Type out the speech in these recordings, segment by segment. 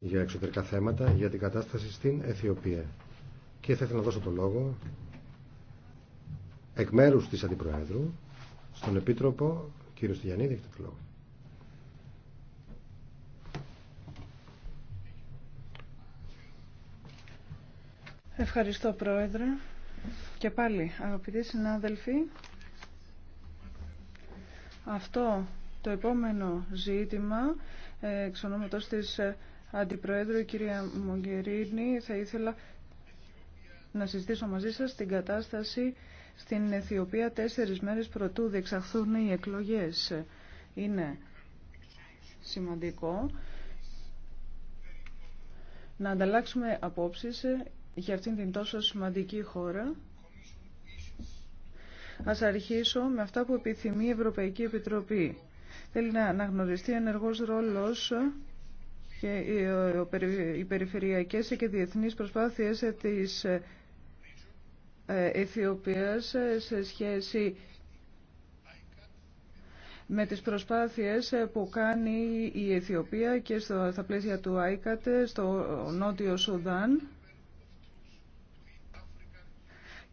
για εξωτερικά θέματα για την κατάσταση στην Αιθιοπία. Και θα ήθελα να δώσω το λόγο εκ μέρους της Αντιπροέδρου στον Επίτροπο κύριο Στυγιαννίδη έχετε το λόγο. Ευχαριστώ Πρόεδρε και πάλι αγαπητοί συνάδελφοι αυτό το επόμενο ζήτημα ε, εξ της ε, Αντιπροέδρου, κυρία Μογκερίνη, θα ήθελα να συζητήσω μαζί σας την κατάσταση στην Αιθιοπία τέσσερις μέρες προτού διεξαχθούν οι εκλογές. Είναι σημαντικό να ανταλλάξουμε απόψεις για αυτήν την τόσο σημαντική χώρα. Ας αρχίσω με αυτά που επιθυμεί η Ευρωπαϊκή Επιτροπή. Θέλει να αναγνωριστεί ενεργός ρόλος και οι περιφερειακές και διεθνείς προσπάθειες της ε, Αιθιοπίας σε σχέση με τις προσπάθειες που κάνει η Αιθιοπία και στο, στα πλαίσια του ΆΙΚΑΤ στο Νότιο Σουδάν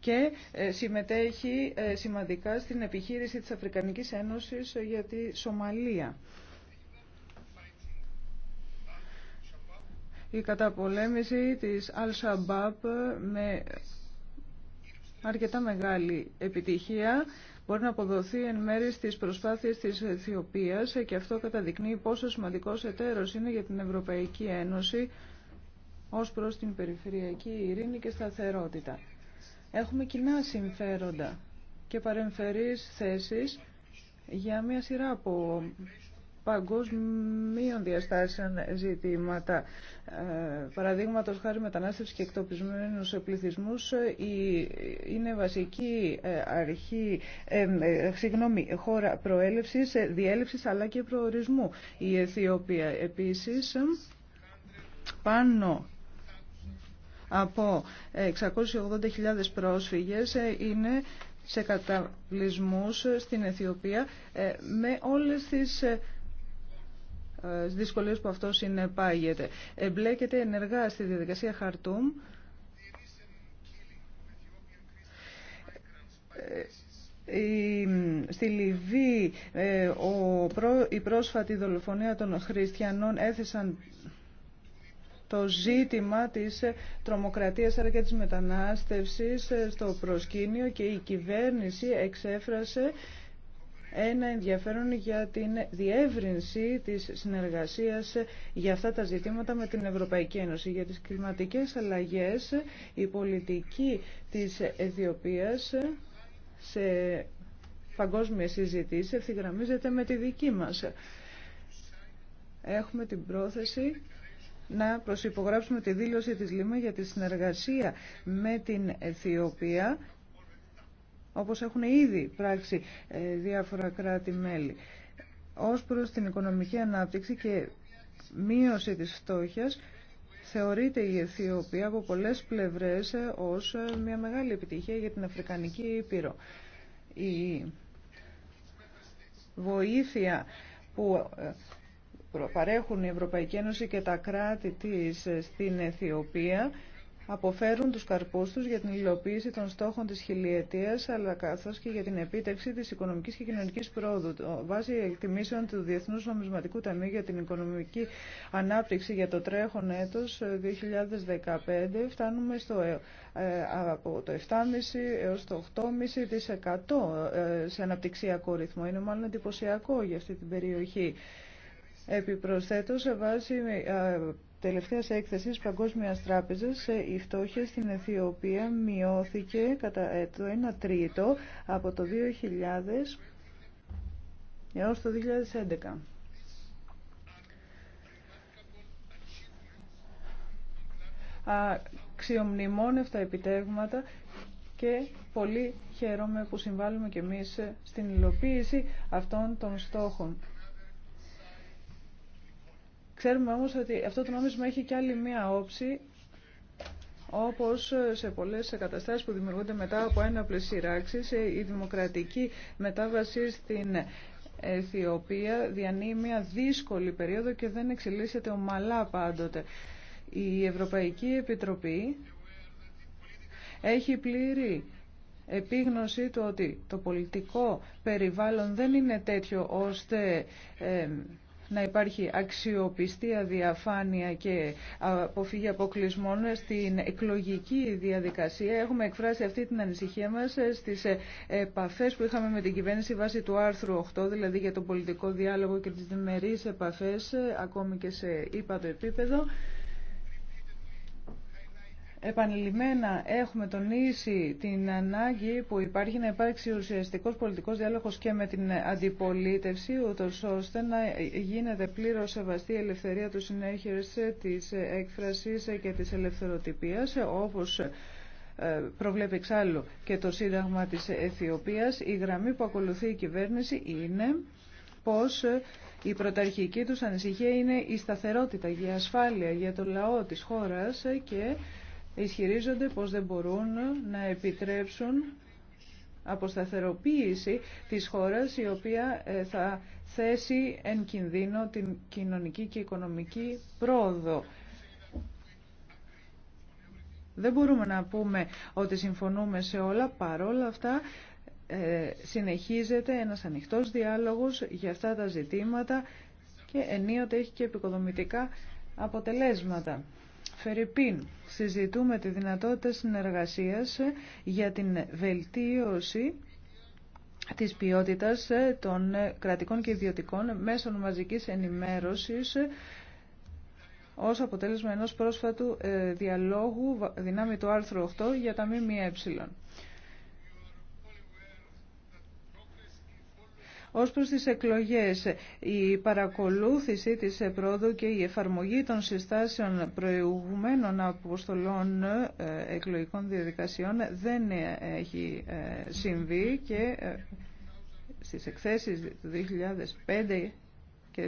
και ε, συμμετέχει ε, σημαντικά στην επιχείρηση της Αφρικανικής Ένωσης για τη Σομαλία. η καταπολέμηση της Al-Shabaab με αρκετά μεγάλη επιτυχία μπορεί να αποδοθεί εν μέρη στις προσπάθειες της Αιθιοπίας και αυτό καταδεικνύει πόσο σημαντικός εταίρος είναι για την Ευρωπαϊκή Ένωση ως προς την περιφερειακή ειρήνη και σταθερότητα. Έχουμε κοινά συμφέροντα και παρεμφερείς θέσεις για μια σειρά από παγκοσμίων διαστάσεων ζητήματα. Ε, Παραδείγματο χάρη μετανάστευση και εκτοπισμένου πληθυσμού ε, είναι βασική ε, αρχή, χώρα προέλευση, διέλευση αλλά και προορισμού. Η Αιθιοπία επίση πάνω από 680.000 πρόσφυγες είναι σε καταβλισμούς στην Αιθιοπία με όλες τις στις ε, δυσκολίες που αυτό συνεπάγεται. Εμπλέκεται ενεργά στη διαδικασία Χαρτούμ. Ε, στη Λιβύη ε, η πρόσφατη δολοφονία των χριστιανών έθεσαν το ζήτημα της τρομοκρατίας αλλά και της μετανάστευσης στο προσκήνιο και η κυβέρνηση εξέφρασε ένα ενδιαφέρον για την διεύρυνση της συνεργασίας για αυτά τα ζητήματα με την Ευρωπαϊκή Ένωση. Για τις κλιματικές αλλαγές, η πολιτική της Αιθιοπίας σε παγκόσμια συζητήσεις ευθυγραμμίζεται με τη δική μας. Έχουμε την πρόθεση να προσυπογράψουμε τη δήλωση της Λίμα για τη συνεργασία με την Αιθιοπία όπως έχουν ήδη πράξει ε, διάφορα κράτη-μέλη. Ως προς την οικονομική ανάπτυξη και μείωση της φτώχειας, θεωρείται η Αιθιοπία από πολλές πλευρές ε, ως ε, μια μεγάλη επιτυχία για την Αφρικανική Ήπειρο. Η βοήθεια που παρέχουν η Ευρωπαϊκή Ένωση και τα κράτη της στην Αιθιοπία αποφέρουν τους καρπούς τους για την υλοποίηση των στόχων της χιλιετίας αλλά καθώς και για την επίτευξη της οικονομικής και κοινωνικής πρόοδου. Βάσει εκτιμήσεων του Διεθνούς Νομισματικού Ταμείου για την Οικονομική Ανάπτυξη για το τρέχον έτος 2015 ε, φτάνουμε στο, ε, ε, από το 7,5% έως το 8,5% σε αναπτυξιακό ρυθμό. Είναι μάλλον εντυπωσιακό για αυτή την περιοχή. Επιπροσθέτως, σε βάση Τελευταία έκθεση Παγκόσμια Τράπεζα η ε, φτώχεια στην Αιθιοπία μειώθηκε κατά ε, το 1 τρίτο από το 2000 έως το 2011. Αξιομνημόνευτα επιτεύγματα και πολύ χαίρομαι που συμβάλλουμε και εμείς ε, στην υλοποίηση αυτών των στόχων. Ξέρουμε όμως ότι αυτό το νόμισμα έχει και άλλη μία όψη, όπως σε πολλές καταστάσεις που δημιουργούνται μετά από έναπλες σειράξεις, η δημοκρατική μετάβαση στην Αιθιοπία διανύει μια δύσκολη περίοδο και δεν εξελίσσεται ομαλά πάντοτε. Η Ευρωπαϊκή Επιτροπή έχει πλήρη επίγνωση του ότι το πολιτικό περιβάλλον δεν είναι τέτοιο ώστε ε, να υπάρχει αξιοπιστία, διαφάνεια και αποφύγη αποκλεισμών στην εκλογική διαδικασία. Έχουμε εκφράσει αυτή την ανησυχία μας στις επαφές που είχαμε με την κυβέρνηση βάσει του άρθρου 8, δηλαδή για τον πολιτικό διάλογο και τις διμερείς επαφές, ακόμη και σε ύπατο επίπεδο. Επανειλημμένα έχουμε τονίσει την ανάγκη που υπάρχει να υπάρξει ουσιαστικό πολιτικό διάλογο και με την αντιπολίτευση, ούτω ώστε να γίνεται πλήρω σεβαστή η ελευθερία του συνέχεια της έκφραση και της ελευθεροτυπία, όπως ε, προβλέπει εξάλλου και το Σύνταγμα τη Αιθιοπία. Η γραμμή που ακολουθεί η κυβέρνηση είναι πως ε, η πρωταρχική του ανησυχία είναι η σταθερότητα, η ασφάλεια για το λαό της χώρας και ισχυρίζονται πως δεν μπορούν να επιτρέψουν αποσταθεροποίηση της χώρας η οποία ε, θα θέσει εν κινδύνο την κοινωνική και οικονομική πρόοδο. Δεν μπορούμε να πούμε ότι συμφωνούμε σε όλα, παρόλα αυτά ε, συνεχίζεται ένας ανοιχτός διάλογος για αυτά τα ζητήματα και ενίοτε έχει και επικοδομητικά αποτελέσματα. Φερρυπίν, συζητούμε τη δυνατότητα συνεργασίας για την βελτίωση της ποιότητας των κρατικών και ιδιωτικών μέσων μαζικής ενημέρωσης ως αποτέλεσμα ενός πρόσφατου ε, διαλόγου δυνάμει του άρθρου 8 για τα ΜΜΕ. Ως προς τις εκλογές, η παρακολούθηση της πρόοδου και η εφαρμογή των συστάσεων προηγουμένων αποστολών ε, εκλογικών διαδικασιών δεν ε, έχει ε, συμβεί και στις εκθέσεις του 2005 και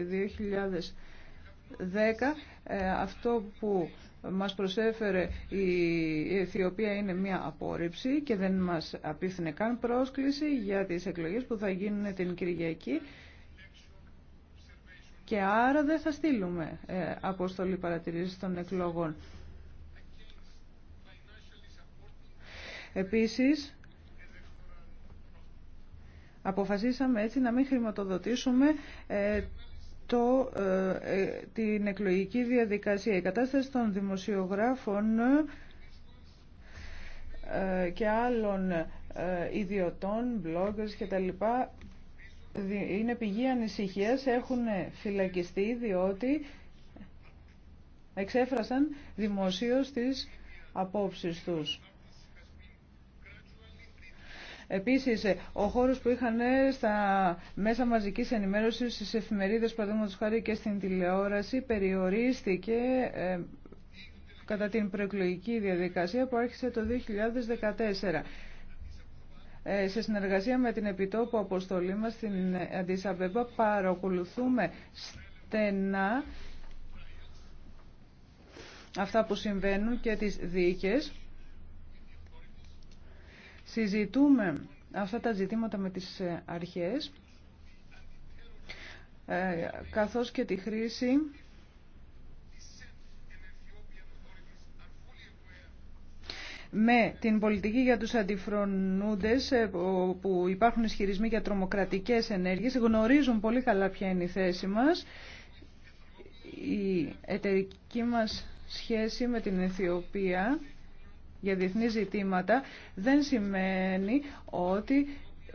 ε, αυτό που μας προσέφερε η Αιθιοπία είναι μια απόρριψη και δεν μας απίθυνε καν πρόσκληση για τις εκλογές που θα γίνουν την Κυριακή και άρα δεν θα στείλουμε ε, αποστολή παρατηρήσεις των εκλογών. Επίσης, αποφασίσαμε έτσι να μην χρηματοδοτήσουμε ε, το, ε, ε, την εκλογική διαδικασία. Η κατάσταση των δημοσιογράφων ε, και άλλων ε, ιδιωτών, bloggers κτλ. είναι πηγή ανησυχίας, έχουν φυλακιστεί διότι εξέφρασαν δημοσίως τις απόψεις τους. Επίσης, ο χώρος που είχαν ε, στα μέσα μαζικής ενημέρωσης, στις εφημερίδες, παραδείγματος χάρη και στην τηλεόραση, περιορίστηκε ε, κατά την προεκλογική διαδικασία που άρχισε το 2014 ε, σε συνεργασία με την επιτόπου αποστολή μας στην Αντισαμπέμπα παρακολουθούμε στενά αυτά που συμβαίνουν και τις δίκες συζητούμε αυτά τα ζητήματα με τις ε, αρχές ε, καθώς και τη χρήση με την πολιτική για τους αντιφρονούντες ε, που υπάρχουν ισχυρισμοί για τρομοκρατικές ενέργειες γνωρίζουν πολύ καλά ποια είναι η θέση μας η εταιρική μας σχέση με την Αιθιοπία για διεθνή ζητήματα δεν σημαίνει ότι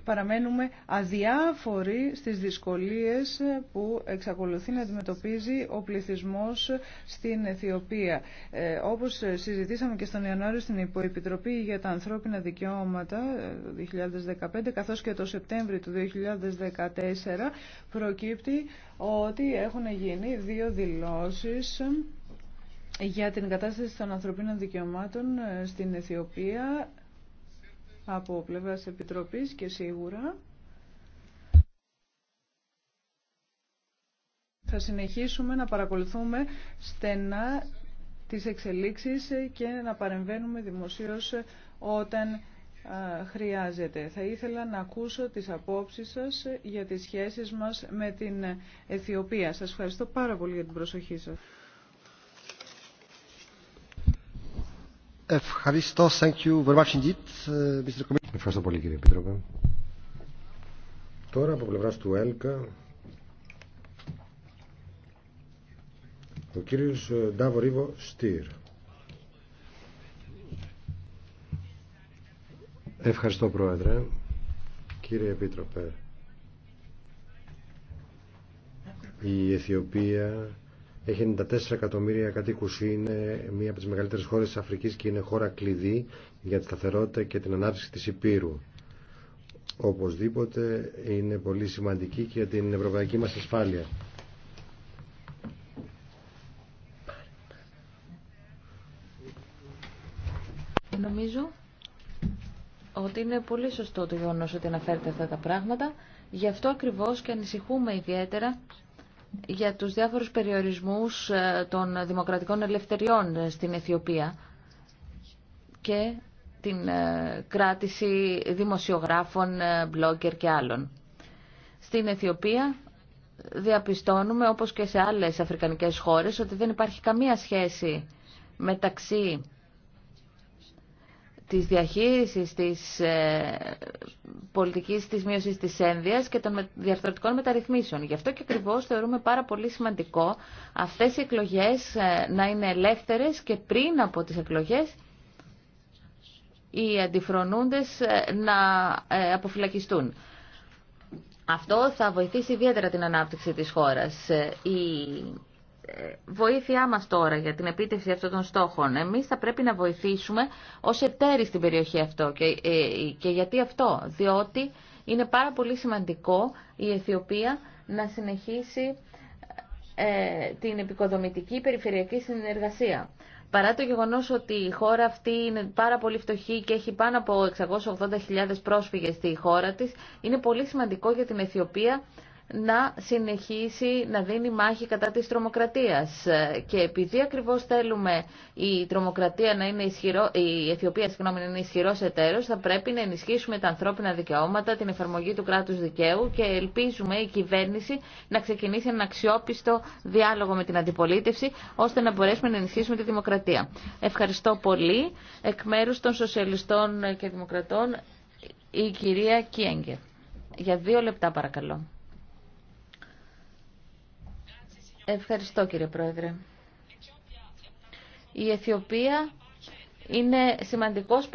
παραμένουμε αδιάφοροι στις δυσκολίες που εξακολουθεί να αντιμετωπίζει ο πληθυσμός στην Αιθιοπία. Ε, όπως συζητήσαμε και στον Ιανουάριο στην Υποεπιτροπή για τα Ανθρώπινα Δικαιώματα ε, το 2015 καθώς και το Σεπτέμβριο του 2014 προκύπτει ότι έχουν γίνει δύο δηλώσεις για την κατάσταση των ανθρωπίνων δικαιωμάτων ε, στην Αιθιοπία από πλευράς Επιτροπής και σίγουρα θα συνεχίσουμε να παρακολουθούμε στενά τις εξελίξεις και να παρεμβαίνουμε δημοσίως όταν χρειάζεται. Θα ήθελα να ακούσω τις απόψεις σας για τις σχέσεις μας με την Αιθιοπία. Σας ευχαριστώ πάρα πολύ για την προσοχή σας. Ευχαριστώ. Thank you very much indeed, ε, Mr. Ευχαριστώ πολύ κύριε Επίτροπε. Τώρα από πλευρά του ΕΛΚΑ ο κύριος ε, Ντάβο Ρίβο Στήρ. Ευχαριστώ Πρόεδρε. Κύριε Επίτροπε, η Αιθιοπία έχει 94 εκατομμύρια κατοίκου είναι μία από τις μεγαλύτερες χώρες τη Αφρικής και είναι χώρα κλειδί για τη σταθερότητα και την ανάπτυξη της Υπήρου. Οπωσδήποτε είναι πολύ σημαντική και για την ευρωπαϊκή μας ασφάλεια. Νομίζω ότι είναι πολύ σωστό το γεγονό ότι αναφέρεται αυτά τα πράγματα. Γι' αυτό ακριβώς και ανησυχούμε ιδιαίτερα για τους διάφορους περιορισμούς ε, των δημοκρατικών ελευθεριών ε, στην Αιθιοπία και την ε, κράτηση δημοσιογράφων, blogger και άλλων. Στην Αιθιοπία διαπιστώνουμε, όπως και σε άλλες αφρικανικές χώρες, ότι δεν υπάρχει καμία σχέση μεταξύ της διαχείρισης της ε, πολιτικής της μείωσης της ένδυας και των διαρθρωτικών μεταρρυθμίσεων. Γι' αυτό και ακριβώ θεωρούμε πάρα πολύ σημαντικό αυτές οι εκλογές ε, να είναι ελεύθερες και πριν από τις εκλογές οι αντιφρονούντες ε, να ε, αποφυλακιστούν. Αυτό θα βοηθήσει ιδιαίτερα την ανάπτυξη της χώρας βοήθειά μα τώρα για την επίτευξη αυτών των στόχων. Εμείς θα πρέπει να βοηθήσουμε ω εταίροι στην περιοχή αυτό. Και, ε, και γιατί αυτό. Διότι είναι πάρα πολύ σημαντικό η Αιθιοπία να συνεχίσει ε, την επικοδομητική περιφερειακή συνεργασία. Παρά το γεγονό ότι η χώρα αυτή είναι πάρα πολύ φτωχή και έχει πάνω από 680.000 πρόσφυγε στη χώρα τη, είναι πολύ σημαντικό για την Αιθιοπία να συνεχίσει να δίνει μάχη κατά της τρομοκρατίας. Ε, και επειδή ακριβώς θέλουμε η τρομοκρατία να είναι ισχυρό, η Αιθιοπία συγγνώμη, να είναι ισχυρός εταίρος, θα πρέπει να ενισχύσουμε τα ανθρώπινα δικαιώματα, την εφαρμογή του κράτους δικαίου και ελπίζουμε η κυβέρνηση να ξεκινήσει ένα αξιόπιστο διάλογο με την αντιπολίτευση, ώστε να μπορέσουμε να ενισχύσουμε τη δημοκρατία. Ευχαριστώ πολύ. Εκ μέρους των Σοσιαλιστών και Δημοκρατών, η κυρία Κιέγκε. Για δύο λεπτά παρακαλώ. Ευχαριστώ κύριε Πρόεδρε. Η Αιθιοπία είναι σημαντικός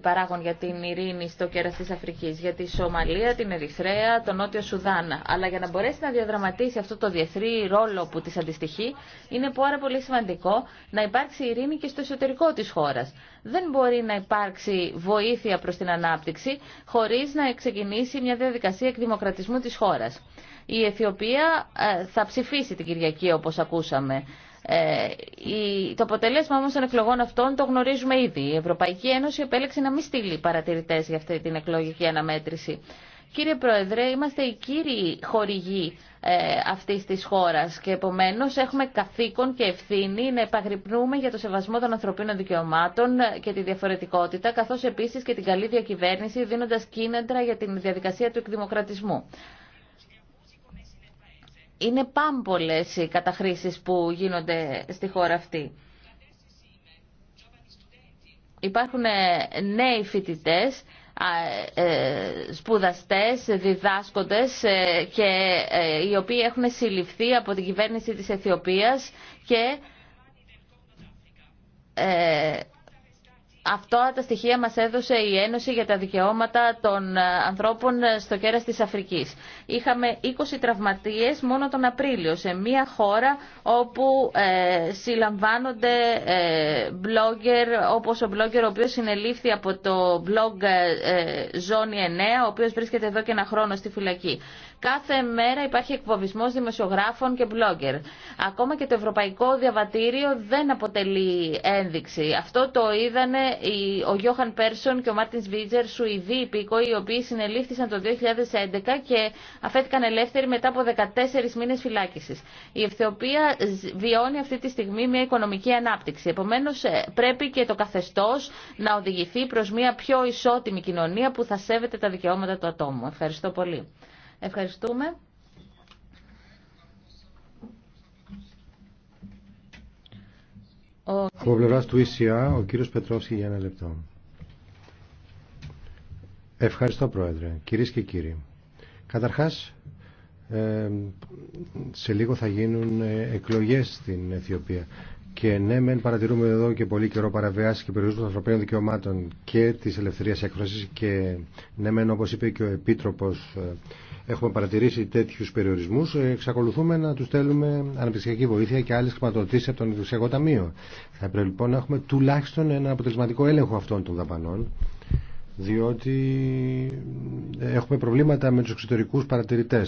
παράγων για, την ειρήνη στο κέρας της Αφρικής, για τη Σομαλία, την Ερυθρέα, τον Νότιο Σουδάνα. Αλλά για να μπορέσει να διαδραματίσει αυτό το διεθρή ρόλο που της αντιστοιχεί, είναι πάρα πολύ σημαντικό να υπάρξει ειρήνη και στο εσωτερικό της χώρας. Δεν μπορεί να υπάρξει βοήθεια προς την ανάπτυξη χωρίς να ξεκινήσει μια διαδικασία εκδημοκρατισμού της χώρας. Η Αιθιοπία ε, θα ψηφίσει την Κυριακή όπως ακούσαμε. Ε, η, το αποτέλεσμα όμως των εκλογών αυτών το γνωρίζουμε ήδη. Η Ευρωπαϊκή Ένωση επέλεξε να μην στείλει παρατηρητές για αυτή την εκλογική αναμέτρηση. Κύριε Πρόεδρε, είμαστε οι κύριοι χορηγοί ε, αυτής της χώρας και επομένως έχουμε καθήκον και ευθύνη να επαγρυπνούμε για το σεβασμό των ανθρωπίνων δικαιωμάτων και τη διαφορετικότητα, καθώς επίσης και την καλή διακυβέρνηση δίνοντας κίνητρα για την διαδικασία του εκδημοκρατισμού. Είναι πάμπολες οι καταχρήσεις που γίνονται στη χώρα αυτή. Υπάρχουν ε, νέοι φοιτητές ε, σπουδαστές, διδάσκοντες ε, και οι οποίοι έχουν συλληφθεί από την κυβέρνηση της Αιθιοπίας και αυτό τα στοιχεία μας έδωσε η Ένωση για τα Δικαιώματα των ε, Ανθρώπων ε, στο κέρας της Αφρικής. Είχαμε 20 τραυματίες μόνο τον Απρίλιο σε μια χώρα όπου ε, συλλαμβάνονται ε, blogger, όπως ο blogger ο οποίος συνελήφθη από το blog ε, Ζώνη 9, ο οποίος βρίσκεται εδώ και ένα χρόνο στη φυλακή. Κάθε μέρα υπάρχει εκφοβισμό δημοσιογράφων και blogger. Ακόμα και το Ευρωπαϊκό Διαβατήριο δεν αποτελεί ένδειξη. Αυτό το είδανε ο Γιώχαν Πέρσον και ο Μάρτιν Βίτζερ, Σουηδοί υπήκοοι, οι οποίοι συνελήφθησαν το 2011 και αφέθηκαν ελεύθεροι μετά από 14 μήνε φυλάκισης. Η Ευθεοπία βιώνει αυτή τη στιγμή μια οικονομική ανάπτυξη. Επομένω, ε, πρέπει και το καθεστώ να οδηγηθεί προ μια πιο ισότιμη κοινωνία που θα σέβεται τα δικαιώματα του ατόμου. Ευχαριστώ πολύ. Ευχαριστούμε. Ο... Από πλευρά του ΙΣΙΑ, ο κύριος Πετρόφσκι για ένα λεπτό. Ευχαριστώ Πρόεδρε, κυρίες και κύριοι. Καταρχάς, ε, σε λίγο θα γίνουν ε, εκλογές στην Αιθιοπία. Και ναι, παρατηρούμε εδώ και πολύ καιρό παραβιάσει και περιορισμού των ανθρωπίνων δικαιωμάτων και τη ελευθερία έκφραση. Και ναι, μεν όπω είπε και ο Επίτροπο, ε, έχουμε παρατηρήσει τέτοιου περιορισμού, εξακολουθούμε να του στέλνουμε αναπτυξιακή βοήθεια και άλλε χρηματοδοτήσει από τον Ιδρυσιακό Ταμείο. Θα πρέπει λοιπόν να έχουμε τουλάχιστον ένα αποτελεσματικό έλεγχο αυτών των δαπανών, διότι ε, έχουμε προβλήματα με του εξωτερικού παρατηρητέ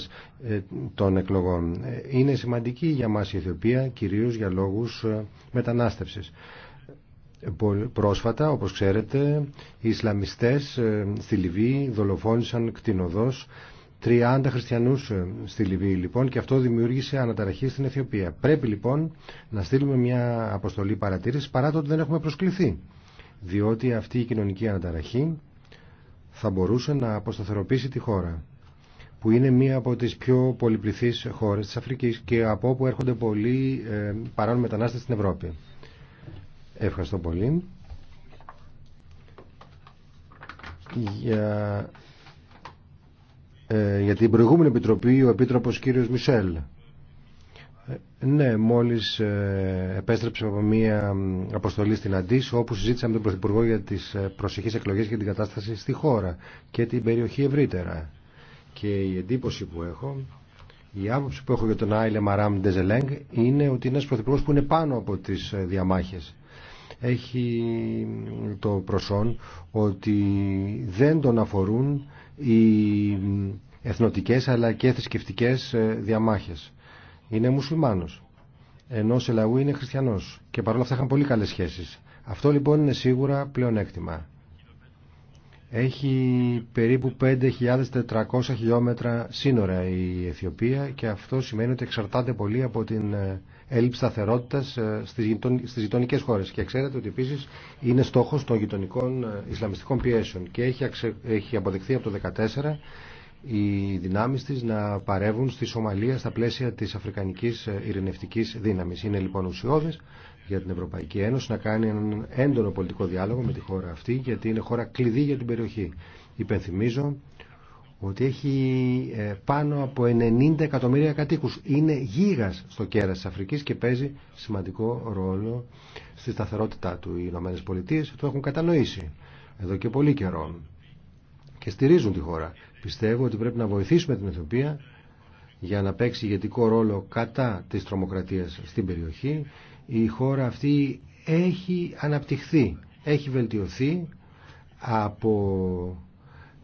ε, των εκλογών. Ε, είναι σημαντική για μα η Αιθιοπία, κυρίω για λόγου μετανάστευση πρόσφατα, όπως ξέρετε, οι Ισλαμιστές στη Λιβύη δολοφόνησαν κτηνοδός 30 χριστιανού ε, στη Λιβύη λοιπόν και αυτό δημιούργησε αναταραχή στην Αιθιοπία. Πρέπει λοιπόν να στείλουμε μια αποστολή παρατήρηση παρά το ότι δεν έχουμε προσκληθεί. Διότι αυτή η κοινωνική αναταραχή θα μπορούσε να αποσταθεροποιήσει τη χώρα που είναι μία από τις πιο πολυπληθείς χώρες της Αφρικής και από όπου έρχονται πολλοί ε, παράνομοι μετανάστες στην Ευρώπη. Ευχαριστώ πολύ. Για ε, για την προηγούμενη επιτροπή ο Επίτροπος κύριος Μισελ. Ε, ναι, μόλις ε, επέστρεψε από μια αποστολή στην Αντίς όπου συζήτησαμε τον Πρωθυπουργό για τις προσεχείς εκλογές και την κατάσταση στη χώρα και την περιοχή ευρύτερα. Και η εντύπωση που έχω, η άποψη που έχω για τον Άιλε Μαράμ Ντεζελέγκ είναι ότι είναι ένας Πρωθυπουργός που είναι πάνω από τις διαμάχες. Έχει το προσόν ότι δεν τον αφορούν οι εθνοτικές αλλά και θρησκευτικέ ε, διαμάχες. Είναι μουσουλμάνος, ενώ σε λαού είναι χριστιανός και παρόλα αυτά είχαν πολύ καλές σχέσεις. Αυτό λοιπόν είναι σίγουρα πλεονέκτημα. Έχει περίπου 5.400 χιλιόμετρα σύνορα η Αιθιοπία και αυτό σημαίνει ότι εξαρτάται πολύ από την ε, έλλειψη σταθερότητα ε, στι γειτονικέ χώρε. Και ξέρετε ότι επίση είναι στόχο των γειτονικών Ισλαμιστικών πιέσεων και έχει αποδεχθεί από το 2014 οι δυνάμεις της να παρεύουν στη Σομαλία στα πλαίσια της Αφρικανικής Ειρηνευτικής Δύναμης. Είναι λοιπόν ουσιώδες για την Ευρωπαϊκή Ένωση να κάνει έναν έντονο πολιτικό διάλογο με τη χώρα αυτή γιατί είναι χώρα κλειδί για την περιοχή. Υπενθυμίζω ότι έχει ε, πάνω από 90 εκατομμύρια κατοίκους. Είναι γίγας στο κέρας της Αφρικής και παίζει σημαντικό ρόλο στη σταθερότητά του. Οι Ηνωμένε Πολιτείε το έχουν κατανοήσει εδώ και πολύ καιρό και στηρίζουν τη χώρα. Πιστεύω ότι πρέπει να βοηθήσουμε την Αιθιοπία για να παίξει ηγετικό ρόλο κατά της τρομοκρατίας στην περιοχή. Η χώρα αυτή έχει αναπτυχθεί, έχει βελτιωθεί από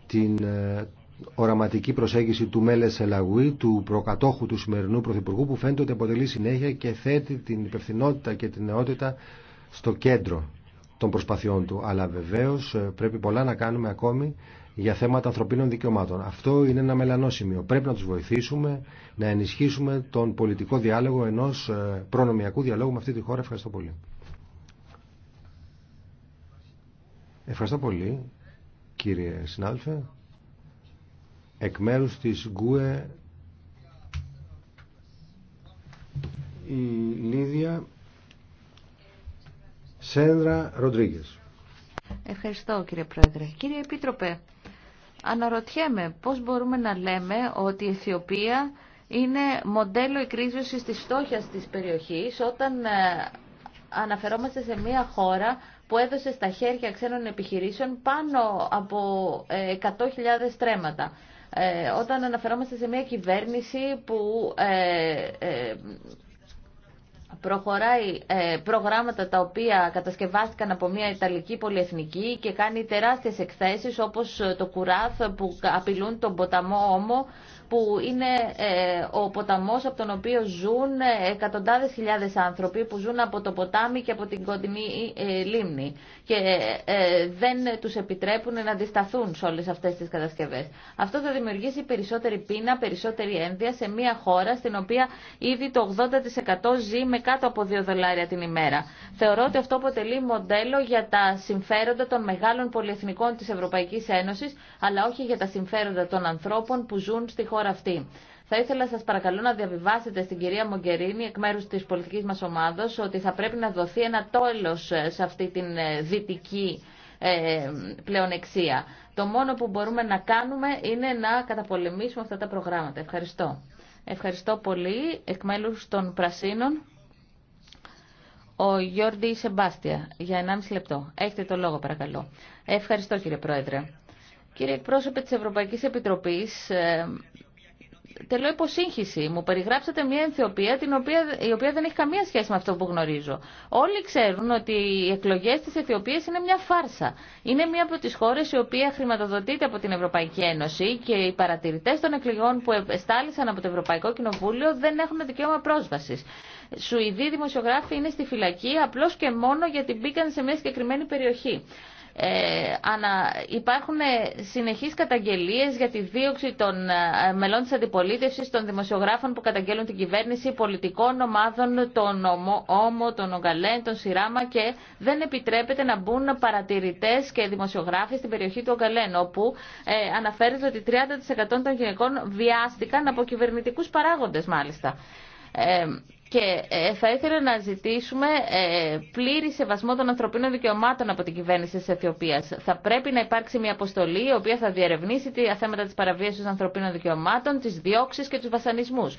την ε, οραματική προσέγγιση του Μέλε Σελαγουή, του προκατόχου του σημερινού Πρωθυπουργού, που φαίνεται ότι αποτελεί συνέχεια και θέτει την υπευθυνότητα και την νεότητα στο κέντρο των προσπαθειών του. Αλλά βεβαίω ε, πρέπει πολλά να κάνουμε ακόμη για θέματα ανθρωπίνων δικαιωμάτων. Αυτό είναι ένα μελανό σημείο. Πρέπει να τους βοηθήσουμε να ενισχύσουμε τον πολιτικό διάλογο ενό ε, προνομιακού διαλόγου με αυτή τη χώρα. Ευχαριστώ πολύ. Ευχαριστώ πολύ, κύριε συνάδελφε. Εκ μέρους της ΓΚΟΕ η Λίδια Σένδρα Ροντρίγκες. Ευχαριστώ κύριε Πρόεδρε. Κύριε Επίτροπε, Αναρωτιέμαι πώς μπορούμε να λέμε ότι η Αιθιοπία είναι μοντέλο εκρίζωσης της φτώχειας της περιοχής όταν ε, αναφερόμαστε σε μια χώρα που έδωσε στα χέρια ξένων επιχειρήσεων πάνω από 100.000 ε, στρέμματα. Ε, όταν αναφερόμαστε σε μια κυβέρνηση που προχωράει ε, προγράμματα τα οποία κατασκευάστηκαν από μια Ιταλική πολυεθνική και κάνει τεράστιες εκθέσεις όπως το κουράθ που απειλούν τον ποταμό Όμο που είναι ε, ο ποταμός από τον οποίο ζουν ε, εκατοντάδες χιλιάδες άνθρωποι που ζουν από το ποτάμι και από την κοντινή ε, λίμνη και δεν τους επιτρέπουν να αντισταθούν σε όλες αυτές τις κατασκευές. Αυτό θα δημιουργήσει περισσότερη πείνα, περισσότερη ένδυα σε μια χώρα στην οποία ήδη το 80% ζει με κάτω από 2 δολάρια την ημέρα. Θεωρώ ότι αυτό αποτελεί μοντέλο για τα συμφέροντα των μεγάλων πολυεθνικών της Ευρωπαϊκής Ένωσης αλλά όχι για τα συμφέροντα των ανθρώπων που ζουν στη χώρα χώρα αυτή. Θα ήθελα σας παρακαλώ να διαβιβάσετε στην κυρία Μογκερίνη εκ μέρους της πολιτικής μας ομάδος ότι θα πρέπει να δοθεί ένα τόλο σε αυτή την ε, δυτική ε, πλεονεξία. Το μόνο που μπορούμε να κάνουμε είναι να καταπολεμήσουμε αυτά τα προγράμματα. Ευχαριστώ. Ευχαριστώ πολύ εκ μέλους των Πρασίνων. Ο Γιώργη Σεμπάστια, για 1,5 λεπτό. Έχετε το λόγο, παρακαλώ. Ευχαριστώ, κύριε Πρόεδρε. Κύριε εκπρόσωπε της Ευρωπαϊκής Επιτροπής, ε, τελώ υποσύγχυση. Μου περιγράψατε μια ενθεωπία την οποία, η οποία δεν έχει καμία σχέση με αυτό που γνωρίζω. Όλοι ξέρουν ότι οι εκλογέ τη Αιθιοπία είναι μια φάρσα. Είναι μια από τι χώρε η οποία χρηματοδοτείται από την Ευρωπαϊκή Ένωση και οι παρατηρητέ των εκλογών που εστάλησαν από το Ευρωπαϊκό Κοινοβούλιο δεν έχουν δικαίωμα πρόσβαση. Σουηδοί δημοσιογράφοι είναι στη φυλακή απλώ και μόνο γιατί μπήκαν σε μια συγκεκριμένη περιοχή. Ε, ανα, υπάρχουν ε, συνεχείς καταγγελίες για τη δίωξη των ε, μελών της αντιπολίτευσης, των δημοσιογράφων που καταγγέλουν την κυβέρνηση, πολιτικών ομάδων, τον ομο, Όμο, τον Ογκαλέν, τον Σιράμα και δεν επιτρέπεται να μπουν παρατηρητές και δημοσιογράφοι στην περιοχή του Ογκαλέν, όπου ε, αναφέρεται ότι 30% των γυναικών βιάστηκαν από κυβερνητικούς παράγοντες μάλιστα. Ε, και ε, θα ήθελα να ζητήσουμε ε, πλήρη σεβασμό των ανθρωπίνων δικαιωμάτων από την κυβέρνηση τη Αιθιοπία. Θα πρέπει να υπάρξει μια αποστολή η οποία θα διερευνήσει τα θέματα τη παραβίαση των ανθρωπίνων δικαιωμάτων, τι διώξει και του βασανισμού.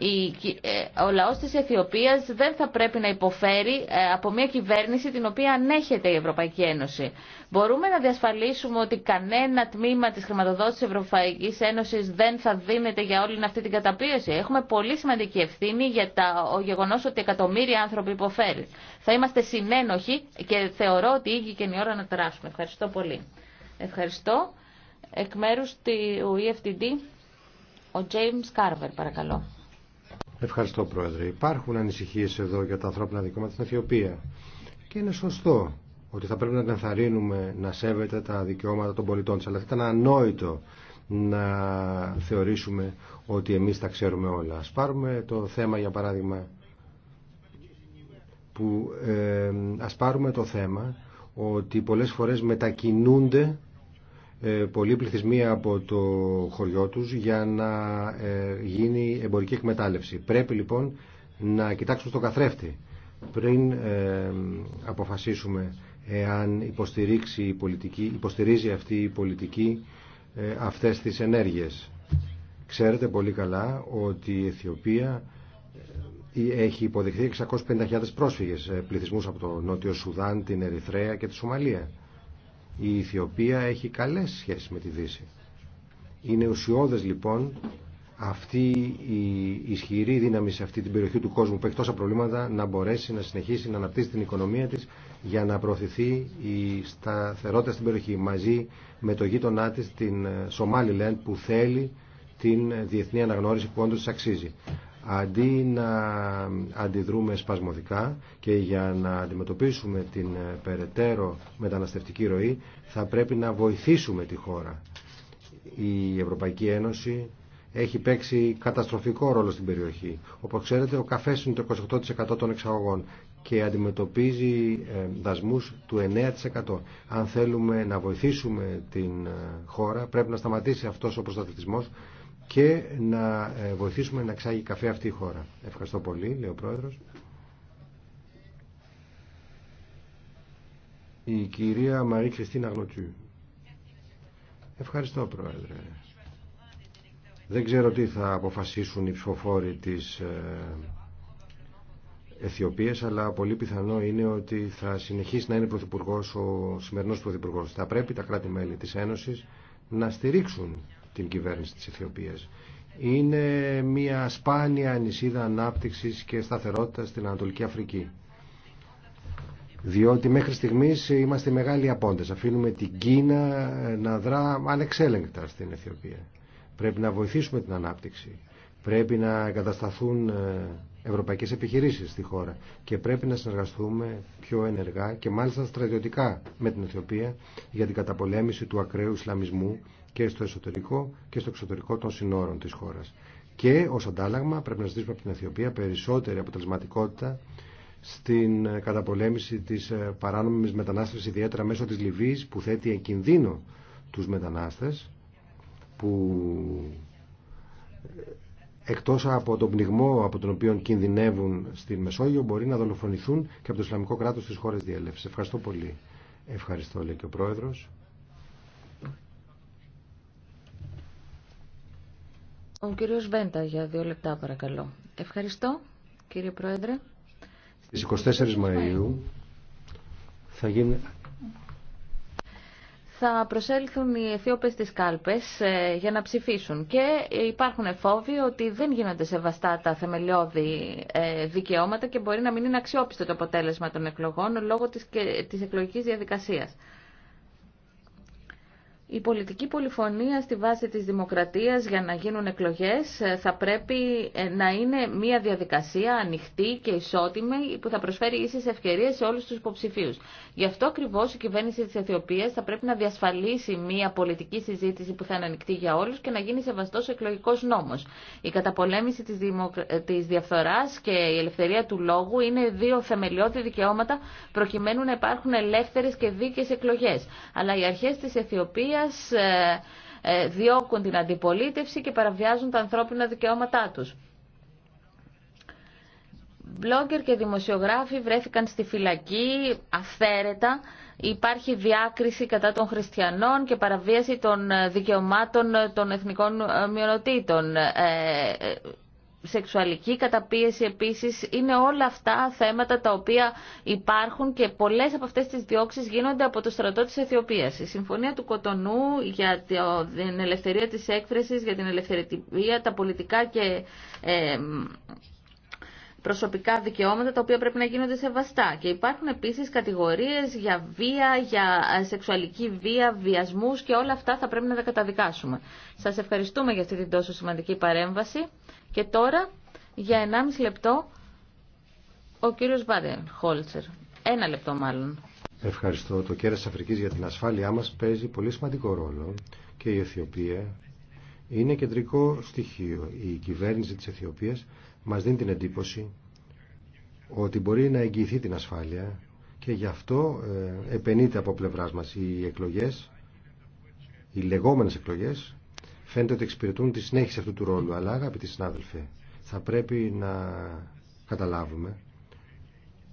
Ε, ο λαός της Αιθιοπίας δεν θα πρέπει να υποφέρει ε, από μια κυβέρνηση την οποία ανέχεται η Ευρωπαϊκή Ένωση. Μπορούμε να διασφαλίσουμε ότι κανένα τμήμα της χρηματοδότησης της Ευρωπαϊκής Ένωσης δεν θα δίνεται για όλη αυτή την καταπίεση. Έχουμε πολύ σημαντική ευθύνη για το γεγονός ότι εκατομμύρια άνθρωποι υποφέρουν. Θα είμαστε συνένοχοι και θεωρώ ότι ήγηκε και η ώρα να τράψουμε. Ευχαριστώ πολύ. Ευχαριστώ. Εκ μέρους του EFTD, ο James Carver, παρακαλώ. Ευχαριστώ, Πρόεδρε. Υπάρχουν ανησυχίε εδώ για τα ανθρώπινα δικαιώματα στην Αιθιοπία. Και είναι σωστό ότι θα πρέπει να την ενθαρρύνουμε να σέβεται τα δικαιώματα των πολιτών τη. Αλλά θα ήταν ανόητο να θεωρήσουμε ότι εμεί τα ξέρουμε όλα. Α πάρουμε το θέμα, για παράδειγμα, που ε, πάρουμε το θέμα ότι πολλές φορές μετακινούνται ε, πολλοί πληθυσμοί από το χωριό τους για να ε, γίνει εμπορική εκμετάλλευση. Πρέπει λοιπόν να κοιτάξουμε στο καθρέφτη πριν ε, αποφασίσουμε εάν υποστηρίξει η πολιτική, υποστηρίζει αυτή η πολιτική αυτές τις ενέργειες. Ξέρετε πολύ καλά ότι η Αιθιοπία έχει υποδεχθεί 650.000 πρόσφυγες πληθυσμούς από το Νότιο Σουδάν, την Ερυθρέα και τη Σομαλία. Η Ιθιοπία έχει καλές σχέσεις με τη Δύση. Είναι ουσιώδες λοιπόν αυτή η ισχυρή δύναμη σε αυτή την περιοχή του κόσμου που έχει τόσα προβλήματα να μπορέσει να συνεχίσει να αναπτύσσει την οικονομία της για να προωθηθεί η σταθερότητα στην περιοχή μαζί με το γείτονά της την Σομάλιλεν που θέλει την διεθνή αναγνώριση που όντως της αξίζει αντί να αντιδρούμε σπασμωδικά και για να αντιμετωπίσουμε την ε, περαιτέρω μεταναστευτική ροή θα πρέπει να βοηθήσουμε τη χώρα. Η Ευρωπαϊκή Ένωση έχει παίξει καταστροφικό ρόλο στην περιοχή. Όπως ξέρετε, ο καφές είναι το 28% των εξαγωγών και αντιμετωπίζει ε, δασμούς του 9%. Αν θέλουμε να βοηθήσουμε την ε, χώρα, πρέπει να σταματήσει αυτός ο προστατευτισμός και να ε, βοηθήσουμε να ξάγει καφέ αυτή η χώρα. Ευχαριστώ πολύ, λέει ο Πρόεδρος. Η κυρία Μαρή Κριστίνα Γλωτσού. Ευχαριστώ, Πρόεδρε. Δεν ξέρω τι θα αποφασίσουν οι ψηφοφόροι της ε, Αιθιοπίας, αλλά πολύ πιθανό είναι ότι θα συνεχίσει να είναι πρωθυπουργός ο σημερινός πρωθυπουργός. Θα πρέπει τα κράτη-μέλη της Ένωσης να στηρίξουν την κυβέρνηση της Αιθιοπίας. Είναι μια σπάνια νησίδα ανάπτυξης και σταθερότητας στην Ανατολική Αφρική. Διότι μέχρι στιγμής είμαστε μεγάλοι απόντες. Αφήνουμε την Κίνα ε, να δρά ανεξέλεγκτα στην Αιθιοπία. Πρέπει να βοηθήσουμε την ανάπτυξη. Πρέπει να εγκατασταθούν ε, ευρωπαϊκές επιχειρήσεις στη χώρα και πρέπει να συνεργαστούμε πιο ενεργά και μάλιστα στρατιωτικά με την Αιθιοπία για την καταπολέμηση του ακραίου Ισλαμισμού και στο εσωτερικό και στο εξωτερικό των συνόρων της χώρας. Και ως αντάλλαγμα πρέπει να ζητήσουμε από την Αθιοπία περισσότερη αποτελεσματικότητα στην ε, καταπολέμηση της ε, παράνομης μετανάστευσης ιδιαίτερα μέσω της Λιβύης που θέτει εν κινδύνο τους μετανάστες που ε, εκτός από τον πνιγμό από τον οποίο κινδυνεύουν στην Μεσόγειο μπορεί να δολοφονηθούν και από το Ισλαμικό κράτος στις χώρες διέλευσης. Ευχαριστώ πολύ. Ευχαριστώ λέει και ο Πρόεδρος. Ο κύριος Βέντα για δύο λεπτά παρακαλώ. Ευχαριστώ κύριε Πρόεδρε. Στις 24 Μαΐου θα γίνει θα προσέλθουν οι Αιθιώπες στις κάλπες ε, για να ψηφίσουν και υπάρχουν φόβοι ότι δεν γίνονται σεβαστά τα θεμελιώδη ε, δικαιώματα και μπορεί να μην είναι αξιόπιστο το αποτέλεσμα των εκλογών λόγω της, της εκλογικής διαδικασίας. Η πολιτική πολυφωνία στη βάση της δημοκρατίας για να γίνουν εκλογές ε, θα πρέπει ε, να είναι μια διαδικασία ανοιχτή και ισότιμη που θα προσφέρει ίσες ευκαιρίες σε όλους τους υποψηφίους. Γι' αυτό ακριβώ η κυβέρνηση της Αιθιοπίας θα πρέπει να διασφαλίσει μια πολιτική συζήτηση που θα είναι ανοιχτή για όλους και να γίνει σεβαστός εκλογικός νόμος. Η καταπολέμηση της, δημοκρα... της διαφθοράς και η ελευθερία του λόγου είναι δύο θεμελιώδη δικαιώματα προκειμένου να υπάρχουν ελεύθερες και δίκαιες εκλογές. Αλλά οι αρχές της Αιθιοπίας βίας, ε, ε, διώκουν την αντιπολίτευση και παραβιάζουν τα ανθρώπινα δικαιώματά τους. Μπλόγκερ και δημοσιογράφοι βρέθηκαν στη φυλακή αυθαίρετα. Υπάρχει διάκριση κατά των χριστιανών και παραβίαση των δικαιωμάτων των εθνικών μειονοτήτων. Ε, σεξουαλική καταπίεση επίσης είναι όλα αυτά θέματα τα οποία υπάρχουν και πολλές από αυτές τις διώξεις γίνονται από το στρατό της Αιθιοπίας. Η Συμφωνία του Κοτονού για την ελευθερία της έκφρασης, για την ελευθερία, τα πολιτικά και ε, προσωπικά δικαιώματα τα οποία πρέπει να γίνονται σεβαστά. Και υπάρχουν επίση κατηγορίε για βία, για ε, σεξουαλική βία, βιασμού και όλα αυτά θα πρέπει να τα καταδικάσουμε. Σα ευχαριστούμε για αυτή την τόσο σημαντική παρέμβαση. Και τώρα για 1,5 λεπτό ο κύριος Βάδεν Χόλτσερ. Ένα λεπτό μάλλον. Ευχαριστώ. Το κέρας Αφρική για την ασφάλειά μα παίζει πολύ σημαντικό ρόλο και η Αιθιοπία είναι κεντρικό στοιχείο. Η κυβέρνηση της Αιθιοπίας μας δίνει την εντύπωση ότι μπορεί να εγγυηθεί την ασφάλεια και γι' αυτό ε, επενείται από πλευράς μας οι εκλογές, οι λεγόμενες εκλογές, φαίνεται ότι εξυπηρετούν τη συνέχιση αυτού του ρόλου. Αλλά αγαπητοί συνάδελφοι, θα πρέπει να καταλάβουμε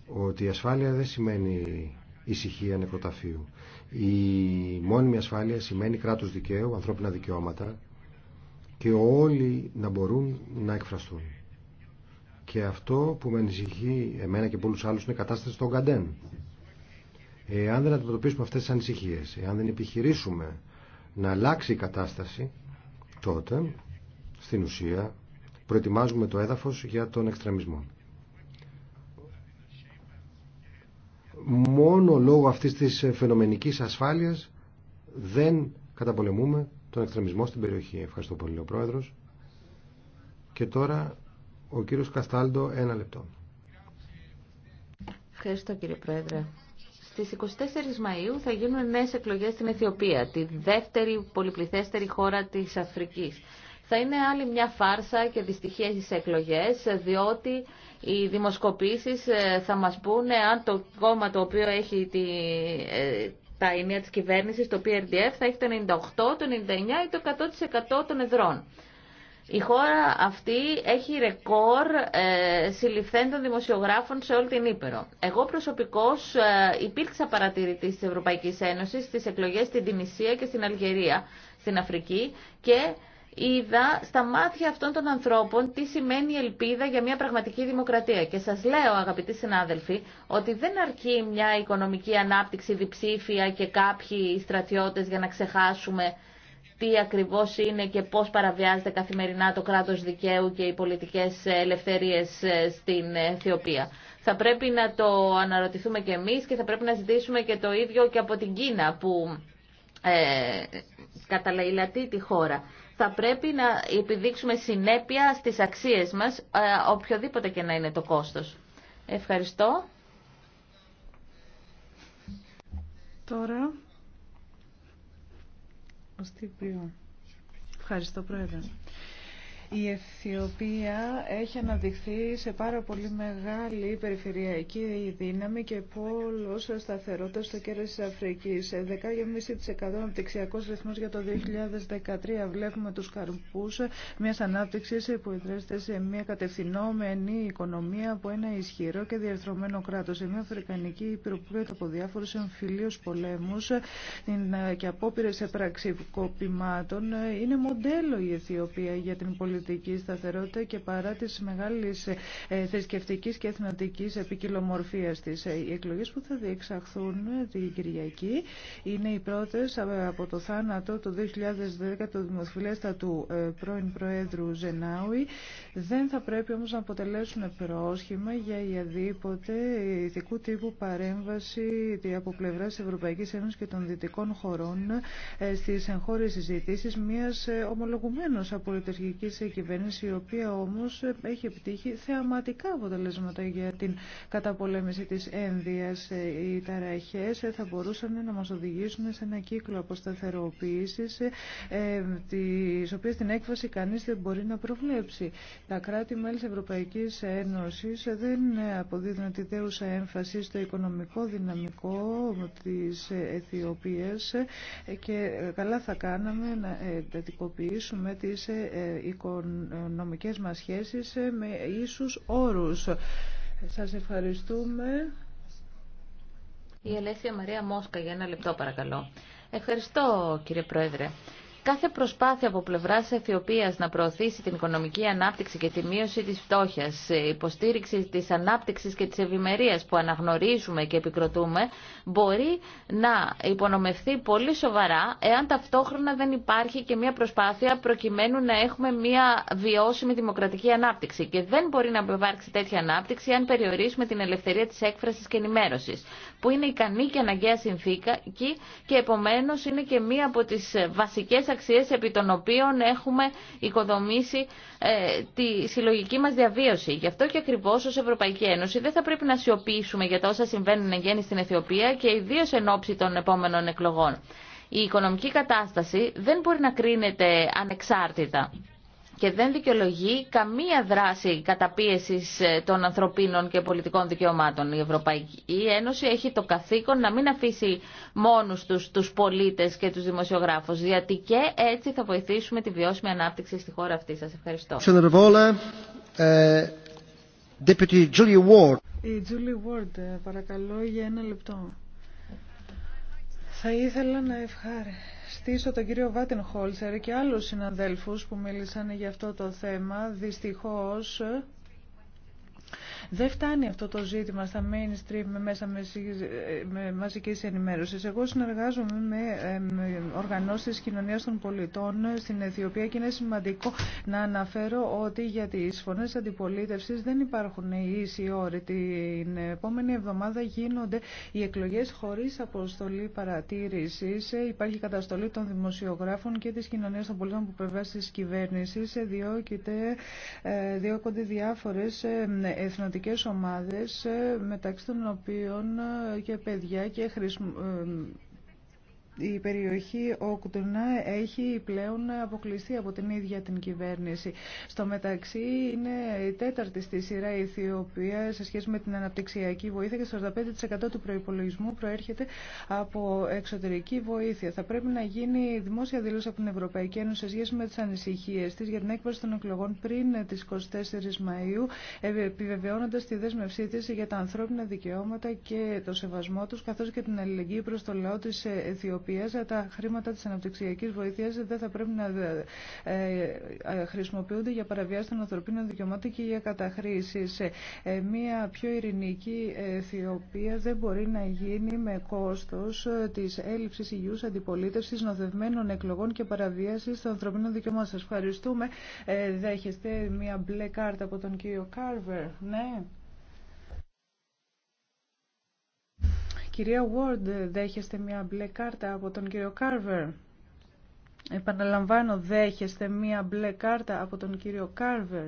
ότι η ασφάλεια δεν σημαίνει ησυχία νεκροταφείου. Η μόνιμη ασφάλεια σημαίνει κράτος δικαίου, ανθρώπινα δικαιώματα και όλοι να μπορούν να εκφραστούν. Και αυτό που με ανησυχεί εμένα και πολλούς άλλους είναι η κατάσταση των καντέν. Εάν δεν αντιμετωπίσουμε αυτές τις ανησυχίες, εάν δεν επιχειρήσουμε να αλλάξει η κατάσταση, τότε στην ουσία προετοιμάζουμε το έδαφος για τον εξτρεμισμό. Μόνο λόγω αυτής της φαινομενικής ασφάλειας δεν καταπολεμούμε τον εξτρεμισμό στην περιοχή. Ευχαριστώ πολύ ο πρόεδρο. Και τώρα ο κύριος Καστάλντο, ένα λεπτό. Ευχαριστώ κύριε Πρόεδρε. Στις 24 Μαΐου θα γίνουν νέες εκλογές στην Αιθιοπία, τη δεύτερη πολυπληθέστερη χώρα της Αφρικής. Θα είναι άλλη μια φάρσα και δυστυχία στις εκλογές, διότι οι δημοσκοπήσεις ε, θα μας πούνε αν το κόμμα το οποίο έχει τη, ε, τα ενία της κυβέρνησης, το PRDF, θα έχει το 98, το 99 ή το 100% των εδρών. Η χώρα αυτή έχει ρεκόρ ε, συλληφθέντων δημοσιογράφων σε όλη την Ήπειρο. Εγώ προσωπικώς ε, υπήρξα παρατηρητής της Ευρωπαϊκής Ένωσης στις εκλογές στην Τινησία και στην Αλγερία, στην Αφρική και είδα στα μάτια αυτών των ανθρώπων τι σημαίνει η ελπίδα για μια πραγματική δημοκρατία. Και σας λέω αγαπητοί συνάδελφοι ότι δεν αρκεί μια οικονομική ανάπτυξη διψήφια και κάποιοι στρατιώτες για να ξεχάσουμε τι ακριβώς είναι και πώς παραβιάζεται καθημερινά το κράτος δικαίου και οι πολιτικές ελευθερίες ε, στην Αιθιοπία. Θα πρέπει να το αναρωτηθούμε και εμείς και θα πρέπει να ζητήσουμε και το ίδιο και από την Κίνα που ε, καταλαϊλατεί τη χώρα. Θα πρέπει να επιδείξουμε συνέπεια στις αξίες μας, ε, οποιοδήποτε και να είναι το κόστος. Ευχαριστώ. Τώρα Ευχαριστώ, Πρόεδρε. Η Αιθιοπία έχει αναδειχθεί σε πάρα πολύ μεγάλη περιφερειακή δύναμη και πόλος σταθερότητα στο τη της Αφρικής. 10,5% αναπτυξιακός ρυθμό για το 2013. Βλέπουμε τους καρπούς μιας ανάπτυξης που ιδρύεται σε μια κατευθυνόμενη οικονομία από ένα ισχυρό και διαρθρωμένο κράτος. Σε μια Αφρικανική υπηρεσία από διάφορους εμφυλίους πολέμους ε, και απόπειρες επραξικοπημάτων ε, είναι μοντέλο η Αιθιοπία για την πολιτική πολιτική σταθερότητα και παρά τη μεγάλη ε, θρησκευτική και εθνοτική επικοινομορφία τη. Ε, οι εκλογέ που θα διεξαχθούν την Κυριακή είναι οι πρώτε ε, από το θάνατο το 2010 του του πρώην Προέδρου Ζενάουι. Δεν θα πρέπει όμω να αποτελέσουν πρόσχημα για οποιαδήποτε ηθικού τύπου παρέμβαση από πλευρά τη Ευρωπαϊκή Ένωση και των δυτικών χωρών στι εγχώριε συζητήσει μια ομολογουμένω απολυτεργική κυβέρνηση, η οποία όμως έχει επιτύχει θεαματικά αποτελέσματα για την καταπολέμηση της ένδυας. Ε, οι ταραχές ε, θα μπορούσαν να μας οδηγήσουν σε ένα κύκλο αποσταθεροποίησης, τι ε, τις οποίες την έκφαση κανείς δεν μπορεί να προβλέψει. Τα κράτη-μέλη της Ευρωπαϊκής Ένωσης δεν αποδίδουν τη δέουσα έμφαση στο οικονομικό δυναμικό της Αιθιοπίας και καλά θα κάναμε να εντατικοποιήσουμε τις οικονομικές νομικές μας σχέσεις με ίσους όρους. Σας ευχαριστούμε. Η Ελέσια Μαρία Μόσκα για ένα λεπτό παρακαλώ. Ευχαριστώ κύριε Πρόεδρε. Κάθε προσπάθεια από πλευρά Αιθιοπία να προωθήσει την οικονομική ανάπτυξη και τη μείωση τη φτώχεια, ε, υποστήριξη τη ανάπτυξη και τη ευημερία που αναγνωρίζουμε και επικροτούμε, μπορεί να υπονομευθεί πολύ σοβαρά εάν ταυτόχρονα δεν υπάρχει και μια προσπάθεια προκειμένου να έχουμε μια βιώσιμη δημοκρατική ανάπτυξη. Και δεν μπορεί να υπάρξει τέτοια ανάπτυξη αν περιορίσουμε την ελευθερία τη έκφραση και ενημέρωση, που είναι ικανή και αναγκαία συνθήκη και επομένω είναι και μία από τι βασικέ αξίες επί των οποίων έχουμε οικοδομήσει ε, τη συλλογική μας διαβίωση. Γι' αυτό και ακριβώς ως Ευρωπαϊκή Ένωση δεν θα πρέπει να σιωπήσουμε για τα όσα συμβαίνουν εν στην Αιθιοπία και ιδίως εν ώψη των επόμενων εκλογών. Η οικονομική κατάσταση δεν μπορεί να κρίνεται ανεξάρτητα και δεν δικαιολογεί καμία δράση καταπίεσης ε, των ανθρωπίνων και πολιτικών δικαιωμάτων. Η Ευρωπαϊκή Ένωση έχει το καθήκον να μην αφήσει μόνους τους τους πολίτες και τους δημοσιογράφους, γιατί και έτσι θα βοηθήσουμε τη βιώσιμη ανάπτυξη στη χώρα αυτή. Σας ευχαριστώ. Euh, Julie Ward. Η Julie Ward, παρακαλώ για ένα λεπτό. Θα ήθελα να ευχάρε στήσω τον κύριο Βάτιν Χόλτσερ και άλλους συναδέλφους που μίλησαν για αυτό το θέμα. Δυστυχώς δεν φτάνει αυτό το ζήτημα στα mainstream με μέσα μαζική ενημέρωση. Εγώ συνεργάζομαι με οργανώσει τη κοινωνία των πολιτών στην Αιθιοπία και είναι σημαντικό να αναφέρω ότι για τι φωνέ αντιπολίτευση δεν υπάρχουν ίσοι όροι. Την επόμενη εβδομάδα γίνονται οι εκλογέ χωρί αποστολή παρατήρηση. Υπάρχει καταστολή των δημοσιογράφων και τη κοινωνία των πολιτών που πλευρά τη κυβέρνηση. Ε, διώκονται διάφορε εθνοτικέ διαφορετικές ομάδες ε, μεταξύ των οποίων ε, και παιδιά και ε, η περιοχή ο Οκτουνά έχει πλέον αποκλειστεί από την ίδια την κυβέρνηση. Στο μεταξύ είναι η τέταρτη στη σειρά η Αιθιοπία σε σχέση με την αναπτυξιακή βοήθεια και 45% του προϋπολογισμού προέρχεται από εξωτερική βοήθεια. Θα πρέπει να γίνει δημόσια δήλωση από την Ευρωπαϊκή Ένωση σε σχέση με τις ανησυχίες της για την έκβαση των εκλογών πριν τις 24 Μαΐου, επιβεβαιώνοντας τη δέσμευσή της για τα ανθρώπινα δικαιώματα και το σεβασμό τους, καθώς και την αλληλεγγύη προς το λαό της Αιθιοπίας ε, τα χρήματα της αναπτυξιακής βοήθειας δεν θα πρέπει να ε, ε, χρησιμοποιούνται για παραβιάση των ανθρωπίνων δικαιωμάτων και για καταχρήσεις. Μία πιο ειρηνική Αιθιοπία δεν μπορεί να γίνει με κόστος της έλλειψης υγιούς αντιπολίτευσης νοθευμένων εκλογών και παραβίασης των ανθρωπίνων δικαιωμάτων. Σας ευχαριστούμε. Δέχεστε μία μπλε κάρτα από τον κύριο Κάρβερ. Ναι. Κυρία Ward, δέχεστε μια μπλε κάρτα από τον κύριο Κάρβερ. Επαναλαμβάνω, δέχεστε μια μπλε κάρτα από τον κύριο Κάρβερ.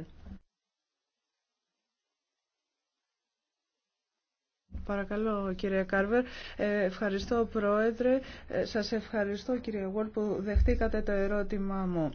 Παρακαλώ κύριε Κάρβερ. ευχαριστώ πρόεδρε. Ε, σας ευχαριστώ κύριε Γουόλ που δεχτήκατε το ερώτημά μου.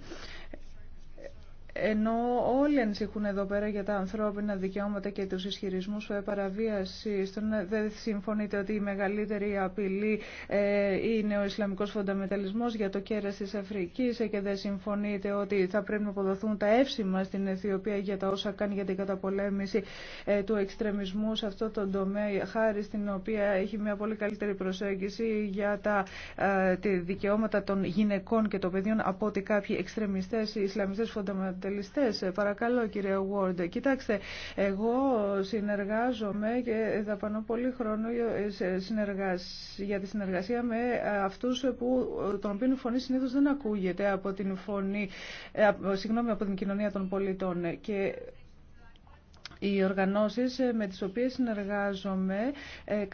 Ενώ όλοι ανησυχούν εδώ πέρα για τα ανθρώπινα δικαιώματα και τους ισχυρισμούς ε, παραβίασης, ε, δεν συμφωνείτε ότι η μεγαλύτερη απειλή ε, είναι ο Ισλαμικός φονταμεταλισμός για το κέρας της Αφρικής και δεν συμφωνείτε ότι θα πρέπει να αποδοθούν τα εύσημα στην Αιθιοπία για τα όσα κάνει για την καταπολέμηση του εξτρεμισμού σε αυτό το τομέα, χάρη στην οποία έχει μια πολύ καλύτερη προσέγγιση για τα δικαιώματα των γυναικών και των παιδιών από ότι κάποιοι εξτρεμιστές, ισλαμιστέ φονταμεταλισμού ε, παρακαλώ κύριε Ward. Κοιτάξτε, εγώ συνεργάζομαι και δαπανώ πολύ χρόνο για ε, τη συνεργασία με ε, αυτούς που, τον οποίο η φωνή συνήθως δεν ακούγεται από την φωνή, συγγνώμη, από την κοινωνία των πολιτών. Και οι οργανώσεις ε, με τις οποίες συνεργάζομαι ε,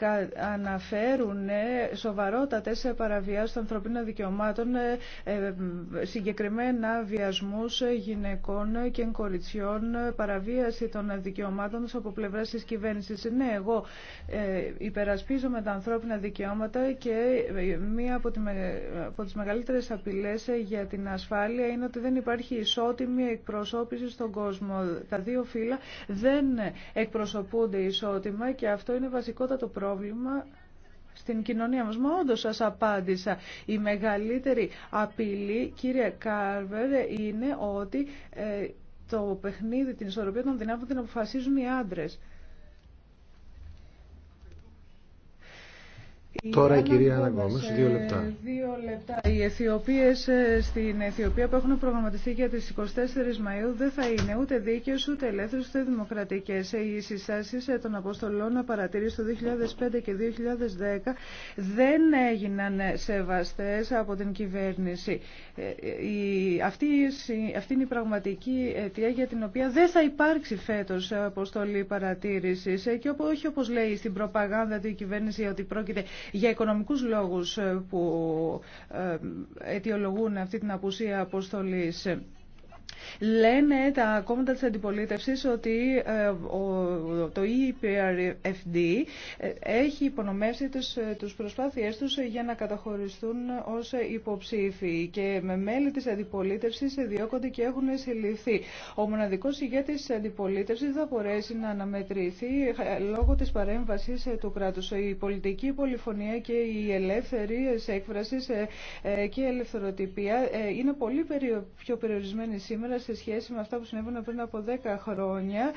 αναφέρουν ε, σοβαρότατες παραβιάσεις των ανθρωπίνων δικαιωμάτων, συγκεκριμένα βιασμούς γυναικών και κοριτσιών, παραβίαση των δικαιωμάτων από πλευρά της κυβέρνησης. Ναι, εγώ υπερασπίζομαι τα ανθρώπινα δικαιώματα και μία από, από τις μεγαλύτερες απειλές για την ασφάλεια είναι ότι δεν υπάρχει ισότιμη εκπροσώπηση στον κόσμο. Τα δύο φύλλα δεν δεν εκπροσωπούνται ισότιμα και αυτό είναι βασικότατο πρόβλημα στην κοινωνία μας. Μα όντως σας απάντησα. Η μεγαλύτερη απειλή, κύριε Κάρβερ, είναι ότι ε, το παιχνίδι, την ισορροπία των δυνάμων την αποφασίζουν οι άντρες. Τώρα η κυρία Αναγκόμες, δύο λεπτά. Δύο λεπτά. Οι Αιθιοπίες ε, στην Αιθιοπία που έχουν προγραμματιστεί για τις 24 Μαΐου δεν θα είναι ούτε δίκαιε ούτε ελεύθερες, ούτε δημοκρατικές. Ε, οι συστάσεις ε, των αποστολών παρατηρήσει το 2005 και 2010 δεν έγιναν σεβαστές από την κυβέρνηση. Αυτή, είναι η πραγματική αιτία για την οποία δεν θα υπάρξει φέτος αποστολή παρατήρησης και όχι όπως λέει στην προπαγάνδα του η κυβέρνηση ότι πρόκειται για οικονομικούς λόγους ε, που ε, αιτιολογούν αυτή την απουσία αποστολής. Λένε τα κόμματα της αντιπολίτευσης ότι ε, το EPRFD ε, έχει υπονομεύσει ε, τους προσπάθειές τους για να καταχωριστούν ως υποψήφοι και με μέλη της αντιπολίτευσης διώκονται και έχουν συλληφθεί. Ο μοναδικός ηγέτης της αντιπολίτευσης θα μπορέσει να αναμετρηθεί λόγω της παρέμβασης του κράτους. Η πολιτική πολυφωνία και η ελεύθερη έκφραση και η ελευθεροτυπία είναι πολύ πιο περιορισμένη σήμερα σε σχέση με αυτά που συνέβαιναν πριν από 10 χρόνια.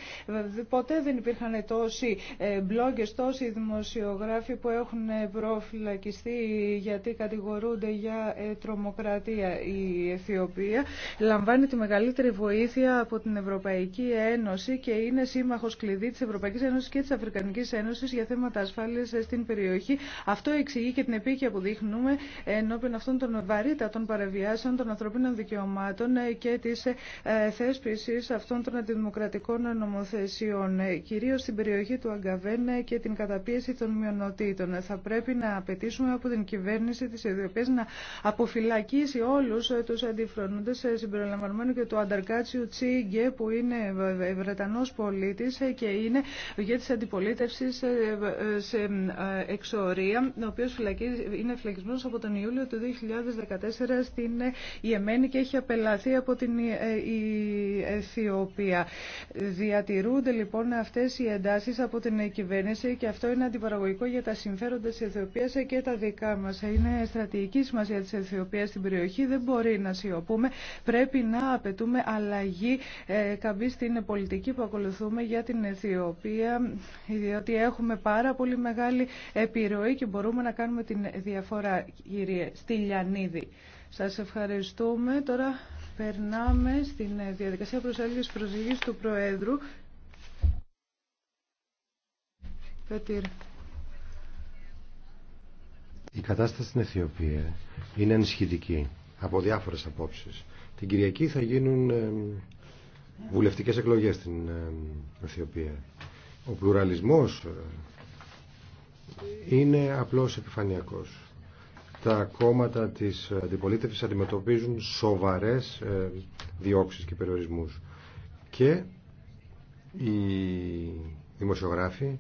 Ποτέ δεν υπήρχαν τόσοι ε, bloggers, τόσοι δημοσιογράφοι που έχουν ε, προφυλακιστεί γιατί κατηγορούνται για ε, τρομοκρατία. Η Αιθιοπία λαμβάνει τη μεγαλύτερη βοήθεια από την Ευρωπαϊκή Ένωση και είναι σύμμαχος κλειδί της Ευρωπαϊκής Ένωσης και της Αφρικανικής Ένωσης για θέματα ασφάλειας στην περιοχή. Αυτό εξηγεί και την επίκαια που δείχνουμε ενώπιον αυτών των βαρύτατων παραβιάσεων των ανθρωπίνων δικαιωμάτων και της ε, θέσπισης αυτών των αντιδημοκρατικών νομοθεσιών, ε, κυρίως στην περιοχή του Αγκαβέν ε, και την καταπίεση των μειονοτήτων. Θα πρέπει να απαιτήσουμε από την κυβέρνηση της Αιδιοπίας να αποφυλακίσει όλους τους αντιφρονούντες συμπεριλαμβανομένου και του Ανταρκάτσιου Τσίγκε που είναι Βρετανός πολίτης και είναι ηγέτης αντιπολίτευσης σε εξορία, ο οποίος είναι φυλακισμένος από τον Ιούλιο του 2014 στην Ιεμένη και έχει απελαθεί από την ε, η Αιθιοπία. Διατηρούνται λοιπόν αυτές οι εντάσεις από την κυβέρνηση και αυτό είναι αντιπαραγωγικό για τα συμφέροντα της Αιθιοπίας και τα δικά μας. Είναι στρατηγική σημασία της Αιθιοπίας στην περιοχή, δεν μπορεί να σιωπούμε. Πρέπει να απαιτούμε αλλαγή ε, καμπή στην πολιτική που ακολουθούμε για την Αιθιοπία, διότι έχουμε πάρα πολύ μεγάλη επιρροή και μπορούμε να κάνουμε την διαφορά, κύριε Στυλιανίδη. Σας ευχαριστούμε. Τώρα Περνάμε στην ε, διαδικασία προσέλγησης του Προέδρου. Η κατάσταση στην Αιθιοπία είναι ενισχυτική από διάφορες απόψεις. Την Κυριακή θα γίνουν ε, βουλευτικές εκλογές στην ε, Αιθιοπία. Ο πλουραλισμός είναι απλώς επιφανειακός τα κόμματα της αντιπολίτευσης αντιμετωπίζουν σοβαρές ε, διώξεις και περιορισμούς. Και οι δημοσιογράφοι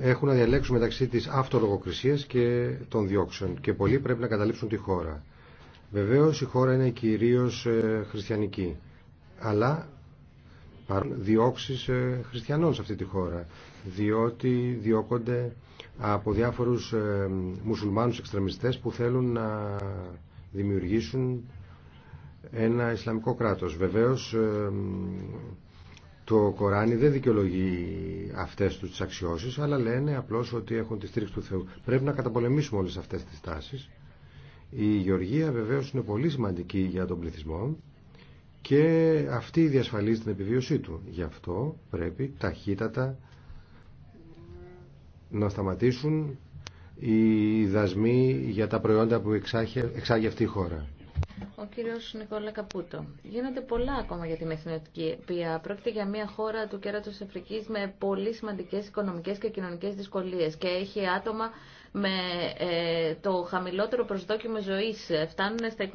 έχουν να διαλέξουν μεταξύ της αυτολογοκρισίας και των διώξεων και πολλοί πρέπει να καταλήψουν τη χώρα. Βεβαίως η χώρα είναι κυρίως ε, χριστιανική, αλλά υπάρχουν διώξεις ε, χριστιανών σε αυτή τη χώρα διότι διώκονται από διάφορους ε, μουσουλμάνους εξτρεμιστές που θέλουν να δημιουργήσουν ένα Ισλαμικό κράτος. Βεβαίως ε, το Κοράνι δεν δικαιολογεί αυτές τους τις αξιώσεις αλλά λένε απλώς ότι έχουν τη στήριξη του Θεού. Πρέπει να καταπολεμήσουμε όλες αυτές τις τάσεις. Η Γεωργία βεβαίως είναι πολύ σημαντική για τον πληθυσμό και αυτή διασφαλίζει την επιβίωσή του. Γι' αυτό πρέπει ταχύτατα να σταματήσουν οι δασμοί για τα προϊόντα που εξάγει αυτή η χώρα. Ο κύριος Νικόλα Καπούτο. Γίνονται πολλά ακόμα για την εθνική ποιά. Πρόκειται για μια χώρα του κέρατος της Αφρικής με πολύ σημαντικές οικονομικές και κοινωνικές δυσκολίες και έχει άτομα με ε, το χαμηλότερο προσδόκιμο ζωής. Φτάνουν στα 29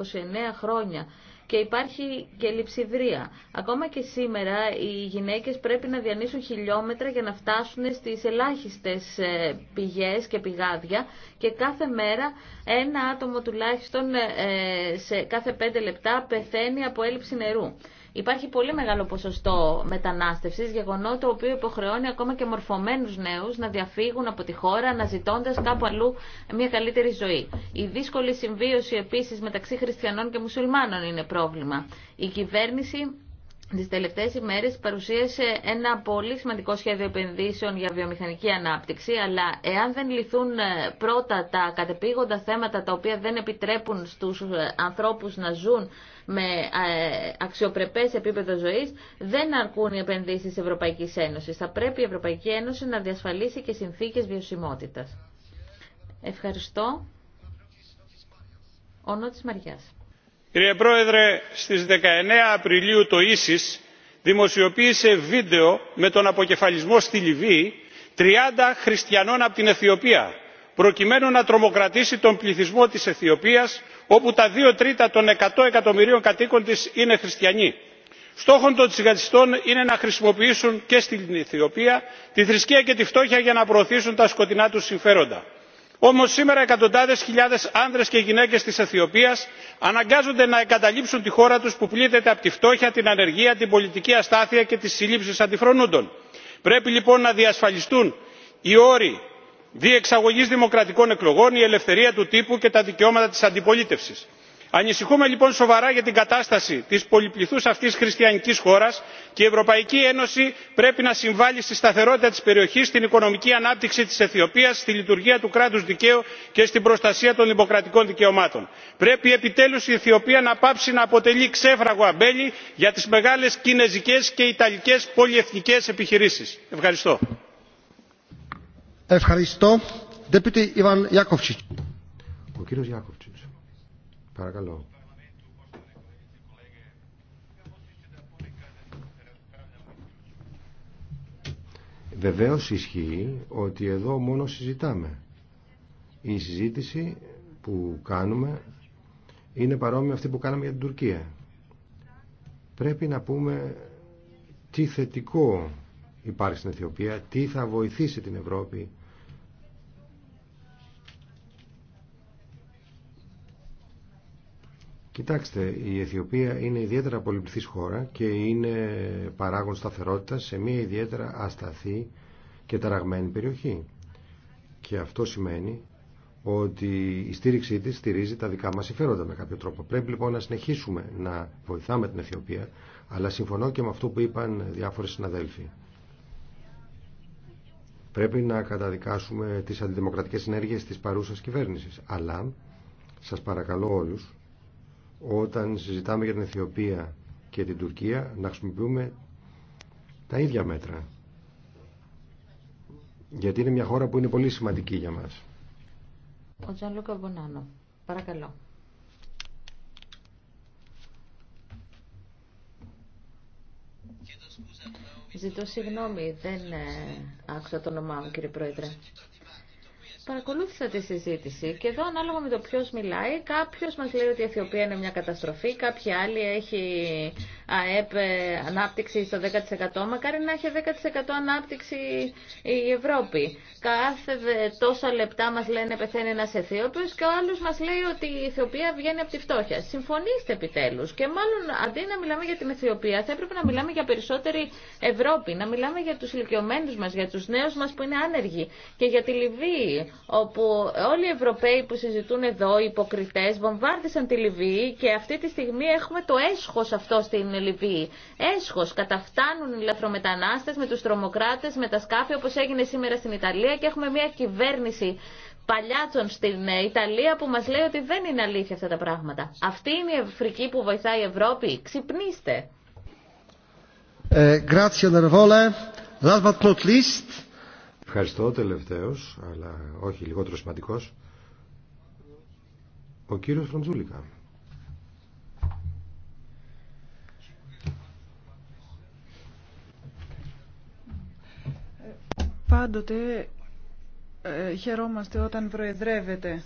χρόνια και υπάρχει και λειψιδρία. Ακόμα και σήμερα οι γυναίκες πρέπει να διανύσουν χιλιόμετρα για να φτάσουν στις ελάχιστες ε, πηγές και πηγάδια και κάθε μέρα ένα άτομο τουλάχιστον ε, σε κάθε πέντε λεπτά πεθαίνει από έλλειψη νερού. Υπάρχει πολύ μεγάλο ποσοστό μετανάστευση γεγονό το οποίο υποχρεώνει ακόμα και μορφωμένου νέου να διαφύγουν από τη χώρα αναζητώντας κάπου αλλού μια καλύτερη ζωή. Η δύσκολη συμβίωση επίση μεταξύ χριστιανών και μουσουλμάνων είναι πρόβλημα. Η κυβέρνηση Τις τελευταίες ημέρες παρουσίασε ένα πολύ σημαντικό σχέδιο επενδύσεων για βιομηχανική ανάπτυξη, αλλά εάν δεν λυθούν ε, πρώτα τα κατεπήγοντα θέματα τα οποία δεν επιτρέπουν στους ε, ανθρώπους να ζουν με ε, αξιοπρεπέ επίπεδο ζωής, δεν αρκούν οι επενδύσεις Ευρωπαϊκής Ένωσης. Θα πρέπει η Ευρωπαϊκή Ένωση να διασφαλίσει και συνθήκε βιωσιμότητας. Ευχαριστώ. Ο Νότης Μαριάς. Κύριε Πρόεδρε, στις 19 Απριλίου το ίσις δημοσιοποίησε βίντεο με τον αποκεφαλισμό στη Λιβύη 30 χριστιανών από την Αιθιοπία προκειμένου να τρομοκρατήσει τον πληθυσμό της αιθιοπίας όπου τα δύο τρίτα των εκατό εκατομμυρίων κατοίκων της είναι χριστιανοί. Στόχο των τζιχαντιστών είναι να χρησιμοποιήσουν και στην αιθιοπία τη θρησκεία και τη φτώχεια για να προωθήσουν τα σκοτεινά τους συμφέροντα. όμως σήμερα εκατοντάδες χιλιάδες άνδρες και γυναίκες της αιθιοπίας αναγκάζονται να εγκαταλείψουν τη χώρα τους που πλήττεται από τη φτώχεια την ανεργία την πολιτική αστάθεια και τις συλλήψεις αντιφρονούντων. πρέπει λοιπόν να διασφαλιστούν οι όροι διεξαγωγής δημοκρατικών εκλογών η ελευθερία του τύπου και τα δικαιώματα της αντιπολίτευσης. ανησυχούμε λοιπόν σοβαρά για την κατάσταση της πολυπληθούς αυτής χριστιανικής χώρας και η ευρωπαϊκή ένωση πρέπει να συμβάλλει στη σταθερότητα της περιοχής στην οικονομική ανάπτυξη της αιθιοπίας στη λειτουργία του κράτους δικαίου και στην προστασία των δημοκρατικών δικαιωμάτων. πρέπει επιτέλους η αιθιοπία να πάψει να αποτελεί ξέφραγο αμπέλι για τις μεγάλες κινεζικές και ιταλικές πολυεθνικές επιχειρήσεις. ευχαριστώ. Ευχαριστώ. Ιβάν Ο κύριος Ιάκοφτσιτς. Παρακαλώ. Βεβαίως ισχύει ότι εδώ μόνο συζητάμε. Η συζήτηση που κάνουμε είναι παρόμοια αυτή που κάναμε για την Τουρκία. Πρέπει να πούμε τι θετικό υπάρχει στην Αιθιοπία, τι θα βοηθήσει την Ευρώπη Κοιτάξτε, η Αιθιοπία είναι ιδιαίτερα πολυπληθής χώρα και είναι παράγον σταθερότητα σε μια ιδιαίτερα ασταθή και ταραγμένη περιοχή. Και αυτό σημαίνει ότι η στήριξή της στηρίζει τα δικά μας συμφέροντα με κάποιο τρόπο. Πρέπει λοιπόν να συνεχίσουμε να βοηθάμε την Αιθιοπία, αλλά συμφωνώ και με αυτό που είπαν διάφορες συναδέλφοι. Πρέπει να καταδικάσουμε τις αντιδημοκρατικές συνέργειες της παρούσας κυβέρνησης. Αλλά σας παρακαλώ όλους, όταν συζητάμε για την Αιθιοπία και την Τουρκία, να χρησιμοποιούμε τα ίδια μέτρα. Γιατί είναι μια χώρα που είναι πολύ σημαντική για μας. Ο Τζαν Μπονάνο, παρακαλώ. Ζητώ συγγνώμη, δεν ε, άκουσα το όνομά μου, κύριε Πρόεδρε. Παρακολούθησα τη συζήτηση και εδώ ανάλογα με το ποιο μιλάει, κάποιο μα λέει ότι η Αιθιοπία είναι μια καταστροφή, κάποιοι άλλοι έχει ΑΕΠ ε, ανάπτυξη στο 10%, μακάρι να έχει 10% ανάπτυξη η Ευρώπη. Κάθε τόσα λεπτά μα λένε πεθαίνει ένα Αιθιόπιο και ο άλλο μα λέει ότι η Αιθιοπία βγαίνει από τη φτώχεια. Συμφωνήστε επιτέλου και μάλλον αντί να μιλάμε για την Αιθιοπία θα έπρεπε να μιλάμε για περισσότερη Ευρώπη, να μιλάμε για του ηλικιωμένου μα, για του νέου μα που είναι άνεργοι και για τη Λιβύη όπου όλοι οι Ευρωπαίοι που συζητούν εδώ, οι υποκριτές, βομβάρδισαν τη Λιβύη και αυτή τη στιγμή έχουμε το έσχος αυτό στην Λιβύη. Έσχος. Καταφτάνουν οι λαθρομετανάστες με τους τρομοκράτες, με τα σκάφη όπως έγινε σήμερα στην Ιταλία και έχουμε μια κυβέρνηση παλιάτσων στην Ιταλία που μας λέει ότι δεν είναι αλήθεια αυτά τα πράγματα. Αυτή είναι η Αφρική που βοηθάει η Ευρώπη. Ξυπνήστε. Ε, Ευχαριστώ τελευταίος, αλλά όχι λιγότερο σημαντικός, ο κύριος Φροντζούλικα. Πάντοτε ε, χαιρόμαστε όταν προεδρεύεται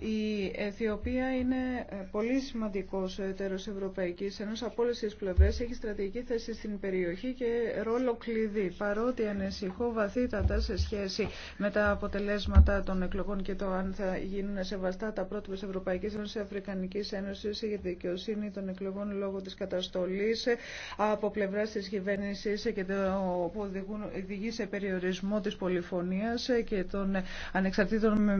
η Αιθιοπία είναι ε, πολύ σημαντικός εταίρος Ευρωπαϊκής Ένωσης από όλες τις πλευρές, έχει στρατηγική θέση στην περιοχή και ρόλο κλειδί. Παρότι ανησυχώ βαθύτατα σε σχέση με τα αποτελέσματα των εκλογών και το αν θα γίνουν σεβαστά τα πρότυπα της Ευρωπαϊκής Ένωσης και Αφρικανικής Ένωσης για τη δικαιοσύνη των εκλογών λόγω της καταστολής ε, από πλευρά της κυβέρνησης ε, και που οδηγεί σε περιορισμό της πολυφωνίας και των ανεξαρτήτων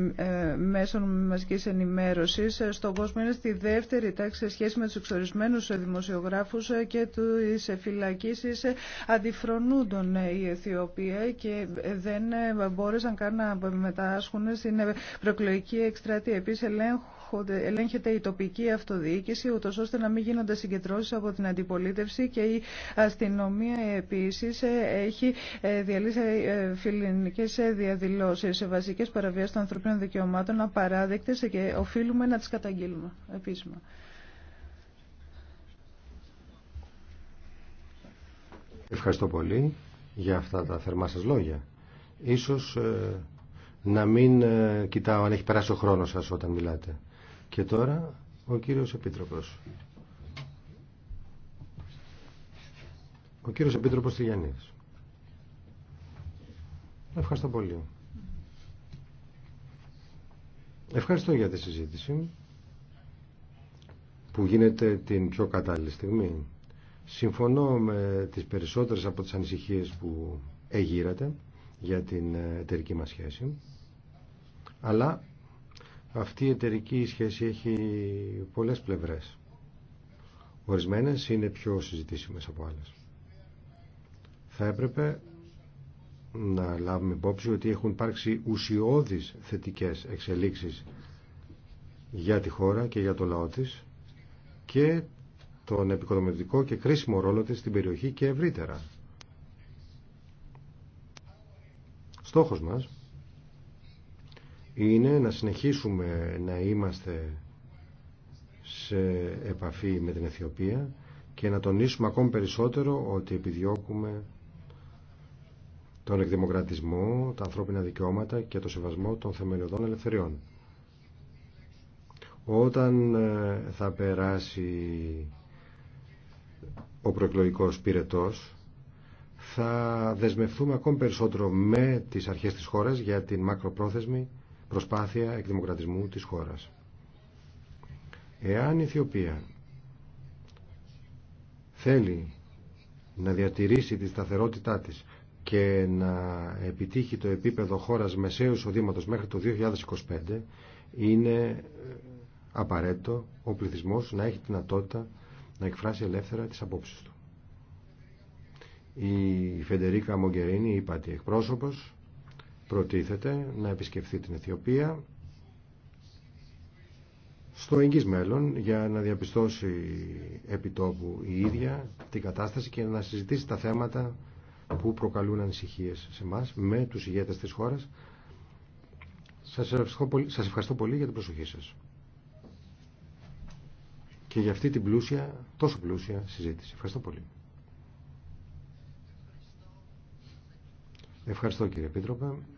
μέσων κοινωνική ενημέρωσης στον κόσμο είναι στη δεύτερη τάξη σε σχέση με τους εξορισμένου δημοσιογράφου και τις φυλακίσεις αντιφρονούντων η Αιθιοπία και δεν μπόρεσαν καν να μετάσχουν στην προεκλογική εκστρατεία. επίση ελέγχουν ελέγχεται η τοπική αυτοδιοίκηση, ούτως ώστε να μην γίνονται συγκεντρώσεις από την αντιπολίτευση και η αστυνομία επίσης ε, έχει ε, διαλύσει ε, φιλινικές διαδηλώσεις σε βασικές παραβιάσεις των ανθρωπίνων δικαιωμάτων απαράδεκτες και οφείλουμε να τις καταγγείλουμε επίσημα. Ευχαριστώ πολύ για αυτά τα θερμά σας λόγια. Ίσως να μην κοιτάω αν έχει περάσει ο χρόνος σας όταν μιλάτε. Και τώρα ο κύριος Επίτροπος. Ο κύριος Επίτροπος Τηγιαννής. Ευχαριστώ πολύ. Ευχαριστώ για τη συζήτηση που γίνεται την πιο κατάλληλη στιγμή. Συμφωνώ με τις περισσότερες από τις ανησυχίες που εγείρατε για την εταιρική μας σχέση αλλά αυτή η εταιρική σχέση έχει πολλές πλευρές. Ορισμένες είναι πιο συζητήσιμες από άλλες. Θα έπρεπε να λάβουμε υπόψη ότι έχουν υπάρξει ουσιώδεις θετικές εξελίξεις για τη χώρα και για το λαό της και τον επικοδομητικό και κρίσιμο ρόλο της στην περιοχή και ευρύτερα. Στόχος μας είναι να συνεχίσουμε να είμαστε σε επαφή με την Αιθιοπία και να τονίσουμε ακόμη περισσότερο ότι επιδιώκουμε τον εκδημοκρατισμό, τα ανθρώπινα δικαιώματα και το σεβασμό των θεμελιωδών ελευθεριών. Όταν ε, θα περάσει ο προεκλογικός πυρετός, θα δεσμευτούμε ακόμη περισσότερο με τις αρχές της χώρας για την μακροπρόθεσμη προσπάθεια εκδημοκρατισμού της χώρας. Εάν η Αιθιοπία θέλει να διατηρήσει τη σταθερότητά της και να επιτύχει το επίπεδο χώρας μεσαίου εισοδήματος μέχρι το 2025 είναι ε, απαραίτητο ο πληθυσμός να έχει δυνατότητα να εκφράσει ελεύθερα τις απόψεις του. Η Φεντερίκα Μογκερίνη, η εκπρόσωπος, προτίθεται να επισκεφθεί την Αιθιοπία στο εγγύς μέλλον για να διαπιστώσει επιτόπου η ίδια την κατάσταση και να συζητήσει τα θέματα που προκαλούν ανησυχίες σε εμά με τους ηγέτες της χώρας. Σας ευχαριστώ, πολύ, για την προσοχή σας και για αυτή την πλούσια, τόσο πλούσια συζήτηση. Ευχαριστώ πολύ. Ευχαριστώ κύριε πίτροπε.